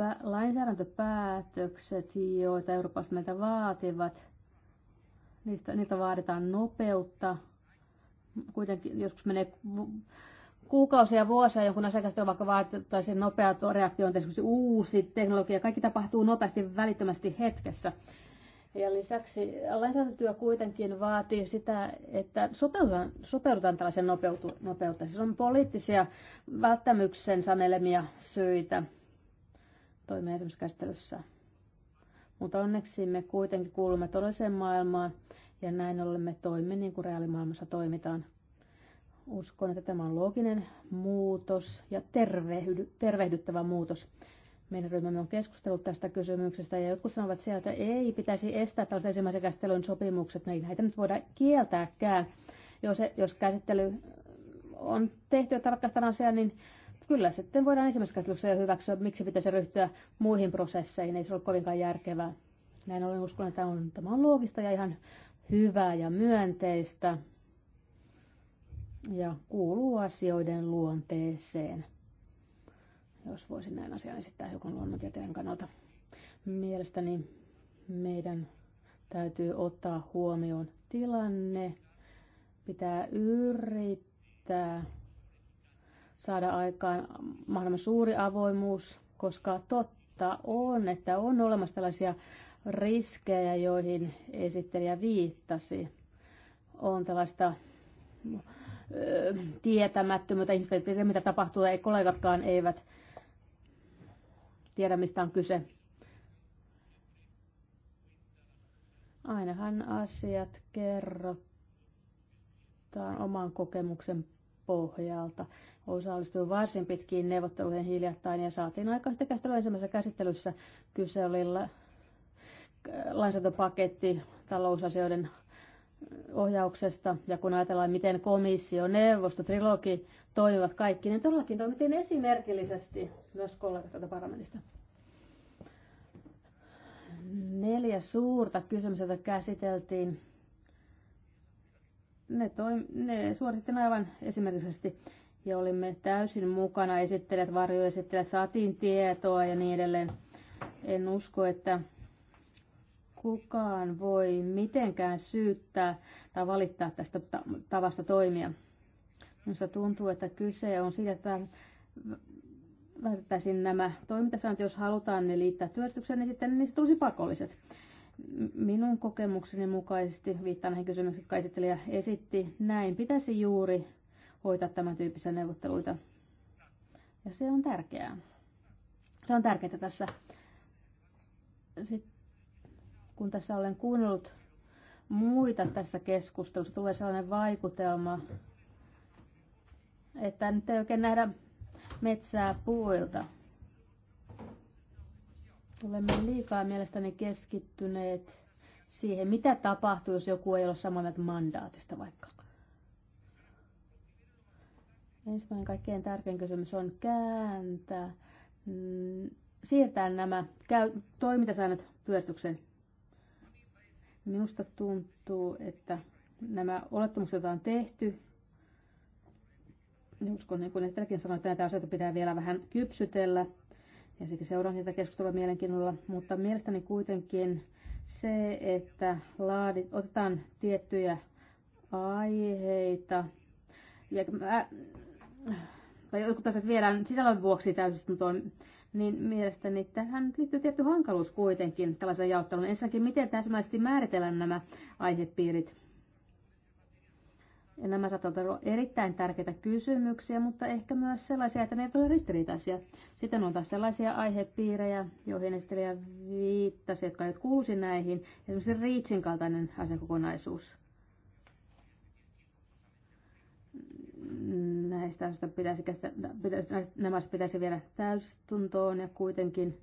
pä- lainsäädäntöpäätökset, joita Euroopasta meiltä vaativat, niistä, niiltä vaaditaan nopeutta, kuitenkin joskus menee kuukausia, vuosia jonkun on vaikka vaadittaisiin nopea reaktio, on esimerkiksi uusi teknologia. Kaikki tapahtuu nopeasti, välittömästi hetkessä. Ja lisäksi lainsäädäntötyö kuitenkin vaatii sitä, että sopeudutaan, sopeudutaan tällaisen nopeuteen. Siis on poliittisia välttämyksen sanelemia syitä toimia esimerkiksi käsittelyssä. Mutta onneksi me kuitenkin kuulumme todelliseen maailmaan ja näin ollen me toimme niin kuin reaalimaailmassa toimitaan. Uskon, että tämä on looginen muutos ja tervehdy, tervehdyttävä muutos. Meidän ryhmämme on keskustellut tästä kysymyksestä ja jotkut sanovat sieltä, että ei pitäisi estää tällaista ensimmäisen käsittelyn sopimukset. No, näitä nyt voida kieltääkään. Jos, jos käsittely on tehty ja tarkastan asiaa, niin kyllä sitten voidaan ensimmäisessä käsittelyssä jo hyväksyä, miksi pitäisi ryhtyä muihin prosesseihin. Ei se ole kovinkaan järkevää. Näin olen uskon, että tämä on, tämä on loogista ja ihan hyvää ja myönteistä ja kuuluu asioiden luonteeseen, jos voisin näin asian esittää joku luonnontieteen kannalta. Mielestäni meidän täytyy ottaa huomioon tilanne, pitää yrittää saada aikaan mahdollisimman suuri avoimuus, koska totta on, että on olemassa tällaisia riskejä, joihin esittelijä viittasi. On tällaista tietämättömyyttä, ihmistä, että mitä tapahtuu, ei kollegatkaan eivät tiedä mistä on kyse. Ainahan asiat kerrotaan oman kokemuksen pohjalta. Osallistuin varsin pitkiin neuvotteluihin hiljattain ja saatiin aikaista käsittelyä ensimmäisessä käsittelyssä. Kyse oli lainsäädäntöpaketti talousasioiden ohjauksesta, ja kun ajatellaan, miten komissio, neuvosto, trilogi toimivat kaikki, niin todellakin toimittiin esimerkillisesti myös kollegat tätä parlamentista. Neljä suurta kysymystä, joita käsiteltiin, ne, toim- ne suorittiin aivan esimerkiksi ja olimme täysin mukana, esittelijät, varjoesittelijät, saatiin tietoa ja niin edelleen. En usko, että kukaan voi mitenkään syyttää tai valittaa tästä tavasta toimia. Minusta tuntuu, että kyse on siitä, että vältettäisiin nämä toimintasäännöt, jos halutaan ne liittää työstykseen, niin sitten niistä tulisi pakolliset. Minun kokemukseni mukaisesti, viittaan näihin kysymyksiin, jotka esittelijä esitti, näin pitäisi juuri hoitaa tämän tyyppisiä neuvotteluita. Ja se on tärkeää. Se on tärkeää tässä. Sitten kun tässä olen kuunnellut muita tässä keskustelussa, tulee sellainen vaikutelma, että nyt ei oikein nähdä metsää puilta. Olemme liikaa mielestäni keskittyneet siihen, mitä tapahtuu, jos joku ei ole samaa mieltä mandaatista vaikka. Ensimmäinen kaikkein tärkein kysymys on kääntää, mm, siirtää nämä toimintasäännöt työstyksen Minusta tuntuu, että nämä olettamukset, joita on tehty, niin uskon, niin kuin Estelläkin sanoi, että näitä asioita pitää vielä vähän kypsytellä. Ja siksi seuraan niitä keskustelua mielenkiinnolla. Mutta mielestäni kuitenkin se, että laadit, otetaan tiettyjä aiheita ja mä, äh, tai jotkut asiat viedään sisällön vuoksi täysin niin mielestäni tähän liittyy tietty hankaluus kuitenkin tällaisen jaottelun. Ensinnäkin, miten täsmällisesti määritellään nämä aihepiirit? Ja nämä saattavat olla erittäin tärkeitä kysymyksiä, mutta ehkä myös sellaisia, että ne tulee ristiriitaisia. Sitten on taas sellaisia aihepiirejä, joihin esittelijä viittasi, jotka eivät kuusi näihin. Esimerkiksi REACHin kaltainen asiakokonaisuus näistä asioista pitäisi, käsitä, pitäisi, nämä pitäisi viedä täystuntoon ja kuitenkin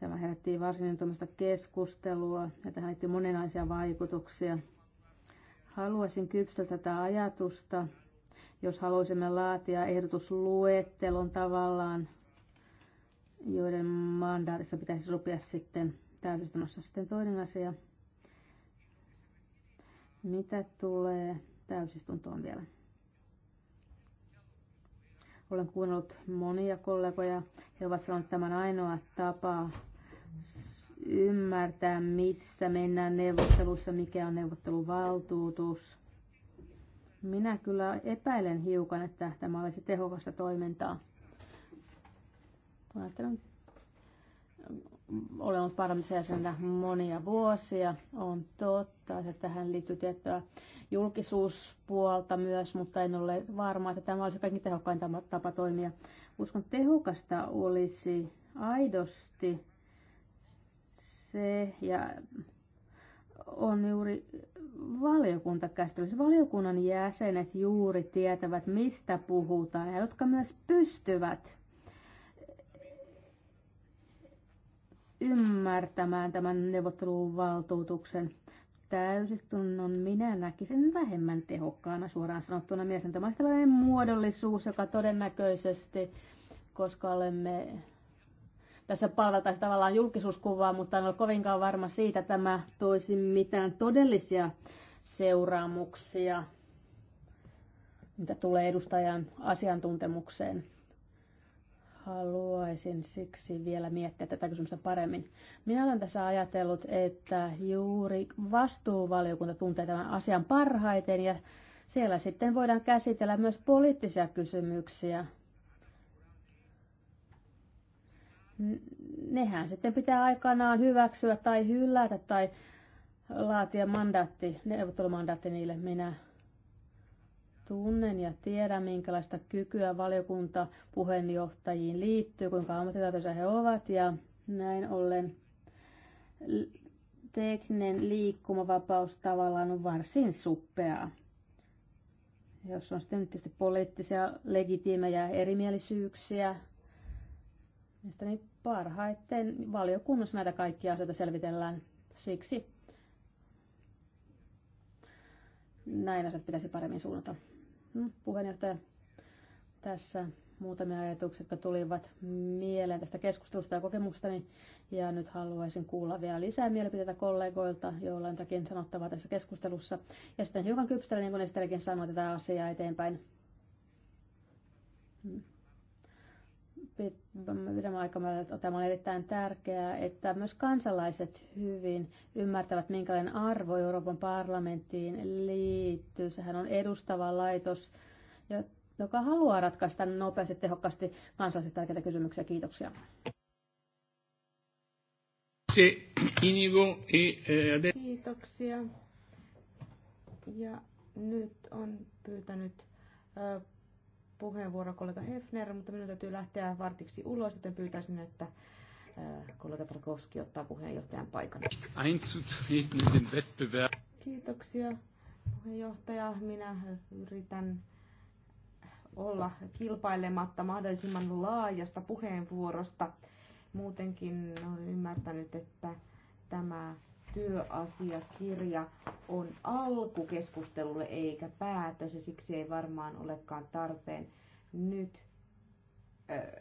tämä herätti varsin tuommoista keskustelua ja tähän liittyy monenlaisia vaikutuksia. Haluaisin kypsää tätä ajatusta, jos haluaisimme laatia ehdotusluettelon tavallaan, joiden mandaatista pitäisi sopia sitten täysistunnossa. Sitten toinen asia, mitä tulee täysistuntoon vielä. Olen kuunnellut monia kollegoja. He ovat sanoneet tämän ainoa tapa ymmärtää, missä mennään neuvottelussa, mikä on neuvotteluvaltuutus. Minä kyllä epäilen hiukan, että tämä olisi tehokasta toimintaa. Ajattelen olen ollut parlamentin jäsenenä monia vuosia. On totta, että tähän liittyy tiettyä julkisuuspuolta myös, mutta en ole varma, että tämä olisi kaikki tehokkain tapa toimia. Uskon, tehokasta olisi aidosti se, ja on juuri valiokuntakäsittelyssä. Valiokunnan jäsenet juuri tietävät, mistä puhutaan, ja jotka myös pystyvät ymmärtämään tämän valtuutuksen täysistunnon minä näkisin vähemmän tehokkaana suoraan sanottuna mielestäni. Tämä on tällainen muodollisuus, joka todennäköisesti, koska olemme tässä palataan tavallaan julkisuuskuvaa, mutta en ole kovinkaan varma siitä, että tämä toisi mitään todellisia seuraamuksia, mitä tulee edustajan asiantuntemukseen haluaisin siksi vielä miettiä tätä kysymystä paremmin. Minä olen tässä ajatellut, että juuri vastuuvaliokunta tuntee tämän asian parhaiten ja siellä sitten voidaan käsitellä myös poliittisia kysymyksiä. Nehän sitten pitää aikanaan hyväksyä tai hylätä tai laatia mandaatti, neuvottelumandaatti niille. Minä tunnen ja tiedän, minkälaista kykyä valiokunta puheenjohtajiin liittyy, kuinka ammattitaitoisia he ovat ja näin ollen tekninen liikkumavapaus tavallaan on varsin suppeaa. Jos on sitten tietysti poliittisia legitiimejä erimielisyyksiä, niin parhaiten valiokunnassa näitä kaikkia asioita selvitellään. Siksi näin asiat pitäisi paremmin suunnata. Mm, puheenjohtaja. Tässä muutamia ajatuksia, jotka tulivat mieleen tästä keskustelusta ja kokemustani, Ja nyt haluaisin kuulla vielä lisää mielipiteitä kollegoilta, joilla on jotakin sanottavaa tässä keskustelussa. Ja sitten hiukan kypsytellä, niin kuin Estelikin sanoi, tätä asiaa eteenpäin. Mm. Mm-hmm. pidemmän aikavälillä tämä on erittäin tärkeää, että myös kansalaiset hyvin ymmärtävät, minkälainen arvo Euroopan parlamenttiin liittyy. Sehän on edustava laitos, joka haluaa ratkaista nopeasti tehokkaasti kansallisesti tärkeitä kysymyksiä. Kiitoksia. E, eh, Kiitoksia. Ja nyt on pyytänyt puheenvuoro kollega Hefner, mutta minun täytyy lähteä vartiksi ulos, joten pyytäisin, että äh, kollega Tarkovski ottaa puheenjohtajan paikan. Kiitoksia puheenjohtaja. Minä yritän olla kilpailematta mahdollisimman laajasta puheenvuorosta. Muutenkin olen ymmärtänyt, että tämä työasiakirja on alku keskustelulle eikä päätös ja siksi ei varmaan olekaan tarpeen nyt ö,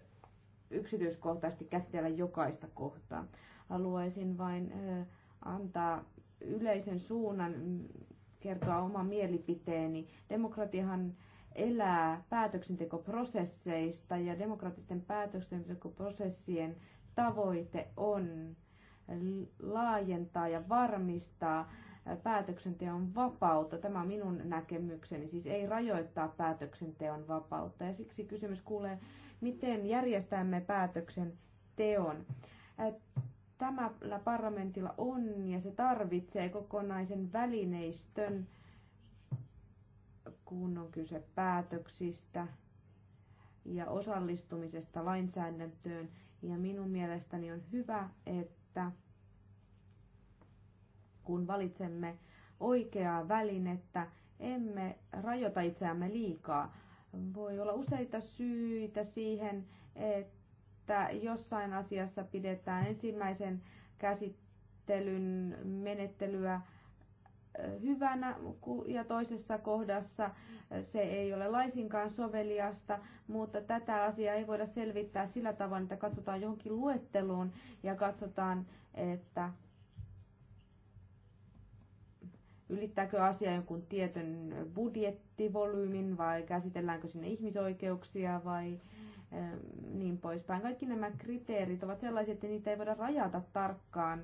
yksityiskohtaisesti käsitellä jokaista kohtaa. Haluaisin vain ö, antaa yleisen suunnan, kertoa oma mielipiteeni. Demokratiahan elää päätöksentekoprosesseista ja demokraattisten päätöksentekoprosessien tavoite on laajentaa ja varmistaa päätöksenteon vapautta. Tämä on minun näkemykseni, siis ei rajoittaa päätöksenteon vapautta. Ja siksi kysymys kuulee, miten järjestämme päätöksenteon. tämä parlamentilla on ja se tarvitsee kokonaisen välineistön, kun on kyse päätöksistä ja osallistumisesta lainsäädäntöön. Ja minun mielestäni on hyvä, että että kun valitsemme oikeaa välinettä, emme rajoita itseämme liikaa. Voi olla useita syitä siihen, että jossain asiassa pidetään ensimmäisen käsittelyn menettelyä hyvänä ja toisessa kohdassa eh, se ei ole laisinkaan soveliasta, mutta tätä asiaa ei voida selvittää sillä tavalla, että katsotaan johonkin luetteloon ja katsotaan, että ylittääkö asia jonkun tietyn budjettivolyymin vai käsitelläänkö sinne ihmisoikeuksia vai eh, niin poispäin. Kaikki nämä kriteerit ovat sellaisia, että niitä ei voida rajata tarkkaan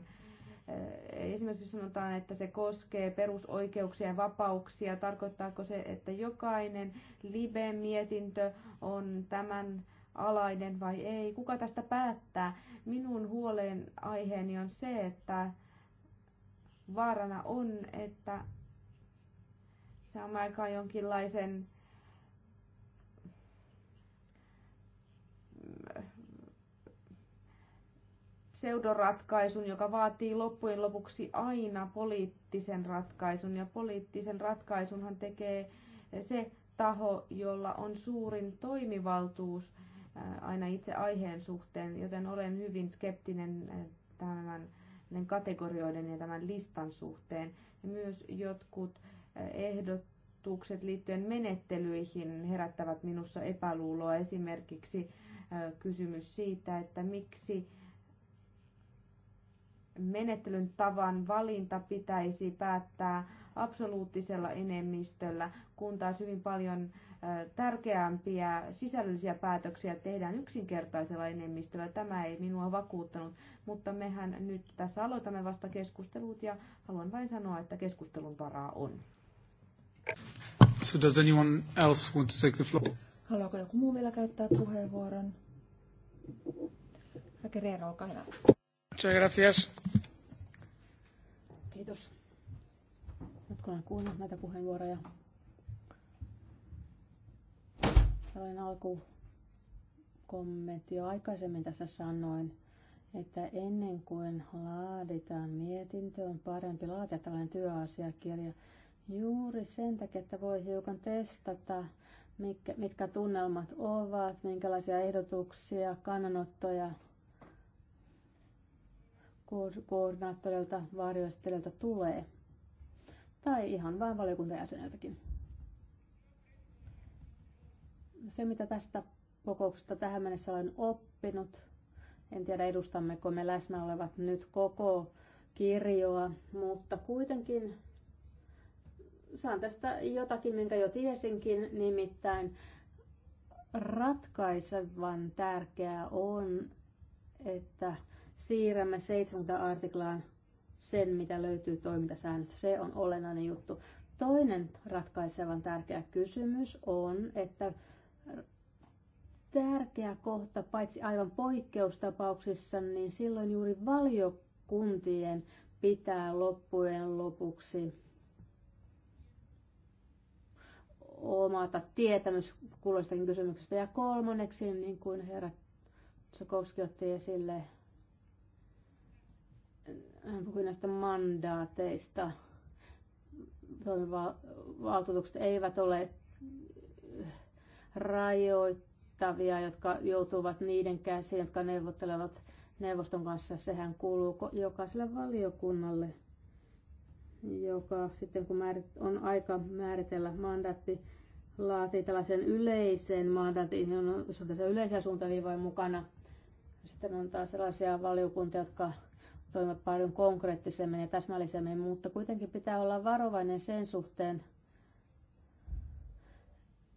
Esimerkiksi jos sanotaan, että se koskee perusoikeuksia ja vapauksia, tarkoittaako se, että jokainen LIBE-mietintö on tämän alainen vai ei? Kuka tästä päättää? Minun huolen aiheeni on se, että vaarana on, että saamme aikaan jonkinlaisen pseudoratkaisun, joka vaatii loppujen lopuksi aina poliittisen ratkaisun. Ja poliittisen ratkaisunhan tekee se taho, jolla on suurin toimivaltuus äh, aina itse aiheen suhteen, joten olen hyvin skeptinen äh, tämän kategorioiden ja tämän listan suhteen. Ja myös jotkut äh, ehdotukset liittyen menettelyihin herättävät minussa epäluuloa. Esimerkiksi kysymys siitä, että miksi menettelyn tavan valinta pitäisi päättää absoluuttisella enemmistöllä, kun taas hyvin paljon tärkeämpiä sisällöllisiä päätöksiä tehdään yksinkertaisella enemmistöllä. Tämä ei minua vakuuttanut, mutta mehän nyt tässä aloitamme vasta keskustelut ja haluan vain sanoa, että keskustelun varaa on. So does anyone else want to take the floor? Haluaako joku muu vielä käyttää puheenvuoron? Rakereero, olkaa hyvä. Kiitos. Nyt kun olen kuunnellut näitä puheenvuoroja, tällainen alku kommentti jo aikaisemmin tässä sanoin, että ennen kuin laaditaan mietintö, on parempi laatia tällainen työasiakirja juuri sen takia, että voi hiukan testata, mitkä, mitkä tunnelmat ovat, minkälaisia ehdotuksia, kannanottoja ko- koordinaattoreilta, varjoistelijoilta tulee. Tai ihan vain valiokuntajäseneltäkin. Se, mitä tästä kokouksesta tähän mennessä olen oppinut, en tiedä edustammeko me läsnä olevat nyt koko kirjoa, mutta kuitenkin saan tästä jotakin, minkä jo tiesinkin, nimittäin ratkaisevan tärkeää on, että siirrämme 70 artiklaan sen, mitä löytyy toimintasäännöstä. Se on olennainen juttu. Toinen ratkaisevan tärkeä kysymys on, että tärkeä kohta, paitsi aivan poikkeustapauksissa, niin silloin juuri valiokuntien pitää loppujen lopuksi omata tietämys kulloistakin kysymyksestä. Ja kolmanneksi, niin kuin herra Tsokovski otti esille, hän puhui näistä mandaateista. Toimivaltuutukset eivät ole rajoittavia, jotka joutuvat niiden käsiin, jotka neuvottelevat neuvoston kanssa. Sehän kuuluu jokaiselle valiokunnalle, joka sitten kun on aika määritellä mandaatti, laatii tällaisen yleisen mandaatin, on yleisiä suuntaviivoja mukana. Sitten on taas sellaisia valiokuntia, jotka toimia paljon konkreettisemmin ja täsmällisemmin, mutta kuitenkin pitää olla varovainen sen suhteen,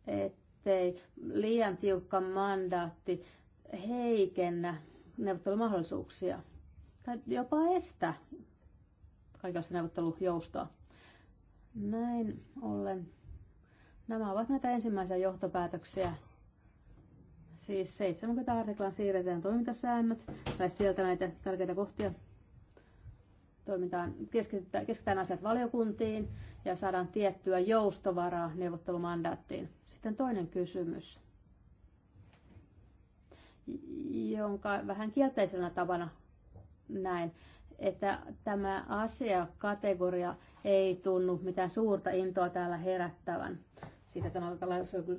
ettei liian tiukka mandaatti heikennä neuvottelumahdollisuuksia tai jopa estä kaikenlaista neuvottelujoustoa. Näin ollen nämä ovat näitä ensimmäisiä johtopäätöksiä. Siis 70 artiklan siirretään toimintasäännöt, tai sieltä näitä tärkeitä kohtia toimitaan, keskitytään, keskitytään asiat valiokuntiin ja saadaan tiettyä joustovaraa neuvottelumandaattiin. Sitten toinen kysymys, jonka vähän kielteisenä tavana näin, että tämä asiakategoria ei tunnu mitään suurta intoa täällä herättävän. Siis että näitä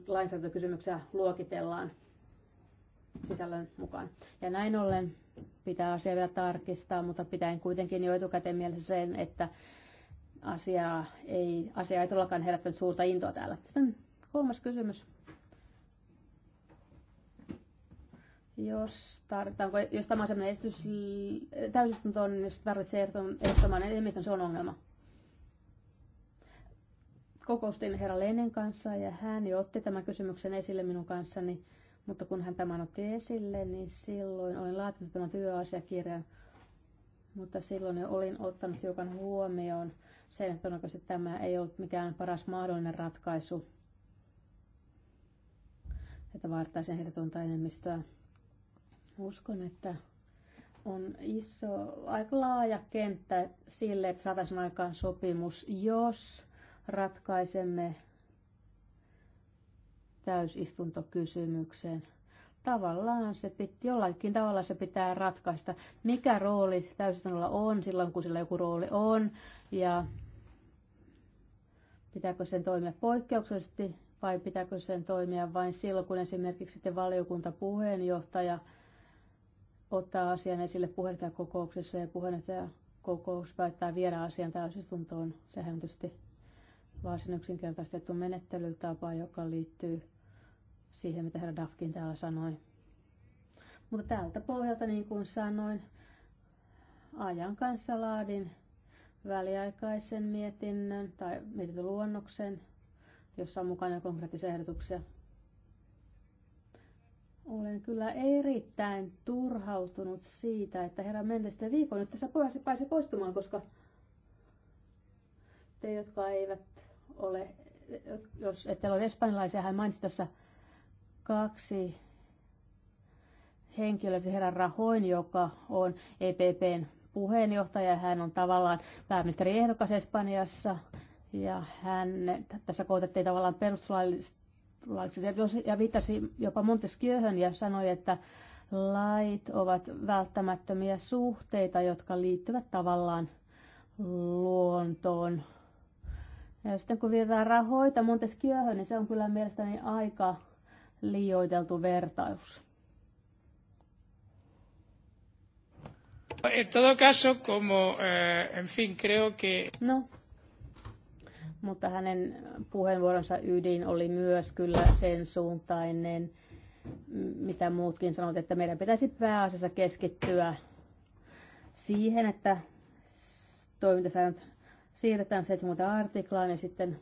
lainsäädäntökysymyksiä luokitellaan sisällön mukaan. Ja näin ollen pitää asiaa vielä tarkistaa, mutta pitäen kuitenkin jo etukäteen mielessä sen, että asiaa ei, asia ei todellakaan herättänyt suurta intoa täällä. Sitten kolmas kysymys. Jos, jos tämä on sellainen esitys täysistuntoon, niin jos tarvitsee ehdottomaan enemmistön, se on ongelma. Kokoustin herra Leinen kanssa ja hän jo otti tämän kysymyksen esille minun kanssani. Niin mutta kun hän tämän otti esille, niin silloin olin laatinut tämän työasiakirjan, mutta silloin jo olin ottanut hiukan huomioon sen, että todennäköisesti tämä ei ollut mikään paras mahdollinen ratkaisu, että vaarittaisiin ehdotonta enemmistöä. Uskon, että on iso, aika laaja kenttä sille, että saataisiin aikaan sopimus, jos ratkaisemme täysistuntokysymykseen. Tavallaan se pit, jollakin tavalla se pitää ratkaista, mikä rooli täysistunnolla on silloin, kun sillä joku rooli on, ja pitääkö sen toimia poikkeuksellisesti vai pitääkö sen toimia vain silloin, kun esimerkiksi sitten valiokuntapuheenjohtaja ottaa asian esille puheenjohtajakokouksessa ja puheenjohtajakokous päättää viedä asian täysistuntoon. Sehän on tietysti varsin yksinkertaistettu menettelytapa, joka liittyy siihen, mitä herra Dafkin täällä sanoi. Mutta tältä pohjalta, niin kuin sanoin, ajan kanssa laadin väliaikaisen mietinnön tai mietintöluonnoksen, jossa on mukana konkreettisia ehdotuksia. Olen kyllä erittäin turhautunut siitä, että herra Mendestä viikon nyt tässä pääsi, pääsi poistumaan, koska te, jotka eivät ole, jos ette ole espanjalaisia, hän mainitsi tässä kaksi henkilöä, se herra Rahoin, joka on EPPn puheenjohtaja. Hän on tavallaan pääministeri Ehdokas Espanjassa ja hän, tässä koitettiin tavallaan perustuslaillisesti ja viittasi jopa Montesquieuhön ja sanoi, että lait ovat välttämättömiä suhteita, jotka liittyvät tavallaan luontoon. Ja sitten kun viitataan rahoita Montesquieuhön, niin se on kyllä mielestäni aika liioiteltu vertaus. En todo caso, como, eh, en fin, creo que... No, mutta hänen puheenvuoronsa ydin oli myös kyllä sen suuntainen, mitä muutkin sanovat, että meidän pitäisi pääasiassa keskittyä siihen, että toimintasäännöt siirretään 70 artiklaan ja sitten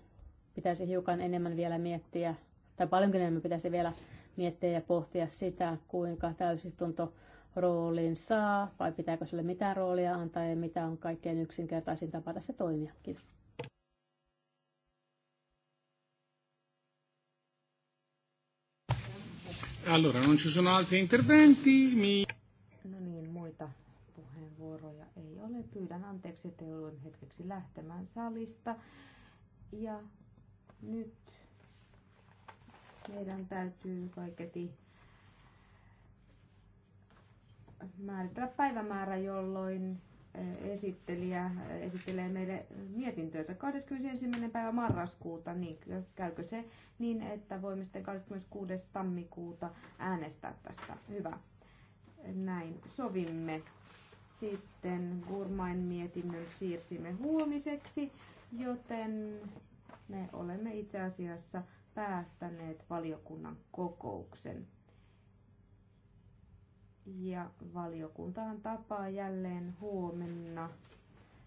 pitäisi hiukan enemmän vielä miettiä tai paljonkin enemmän pitäisi vielä miettiä ja pohtia sitä, kuinka täysistunto roolin saa, vai pitääkö sille mitään roolia antaa ja mitä on kaikkein yksinkertaisin tapa tässä toimia. Kiitos. Allora, non ci sono altri interventi. Mi... No niin, muita puheenvuoroja ei ole. Pyydän anteeksi, että joudun hetkeksi lähtemään salista. Ja nyt meidän täytyy kaiketi määritellä päivämäärä, jolloin esittelijä esittelee meille mietintöönsä 21. päivä marraskuuta, niin käykö se niin, että voimme sitten 26. tammikuuta äänestää tästä. Hyvä. Näin sovimme. Sitten Gurmain mietinnön siirsimme huomiseksi, joten me olemme itse asiassa päättäneet valiokunnan kokouksen. Ja valiokuntahan tapaa jälleen huomenna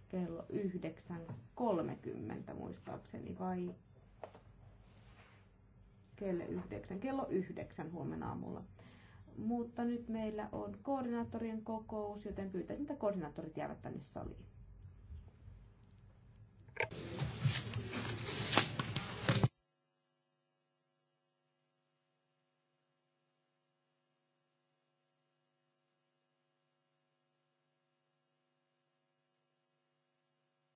kello 9.30 muistaakseni vai kello 9, kello 9 huomenna aamulla. Mutta nyt meillä on koordinaattorien kokous, joten pyytäisin, että koordinaattorit jäävät tänne saliin.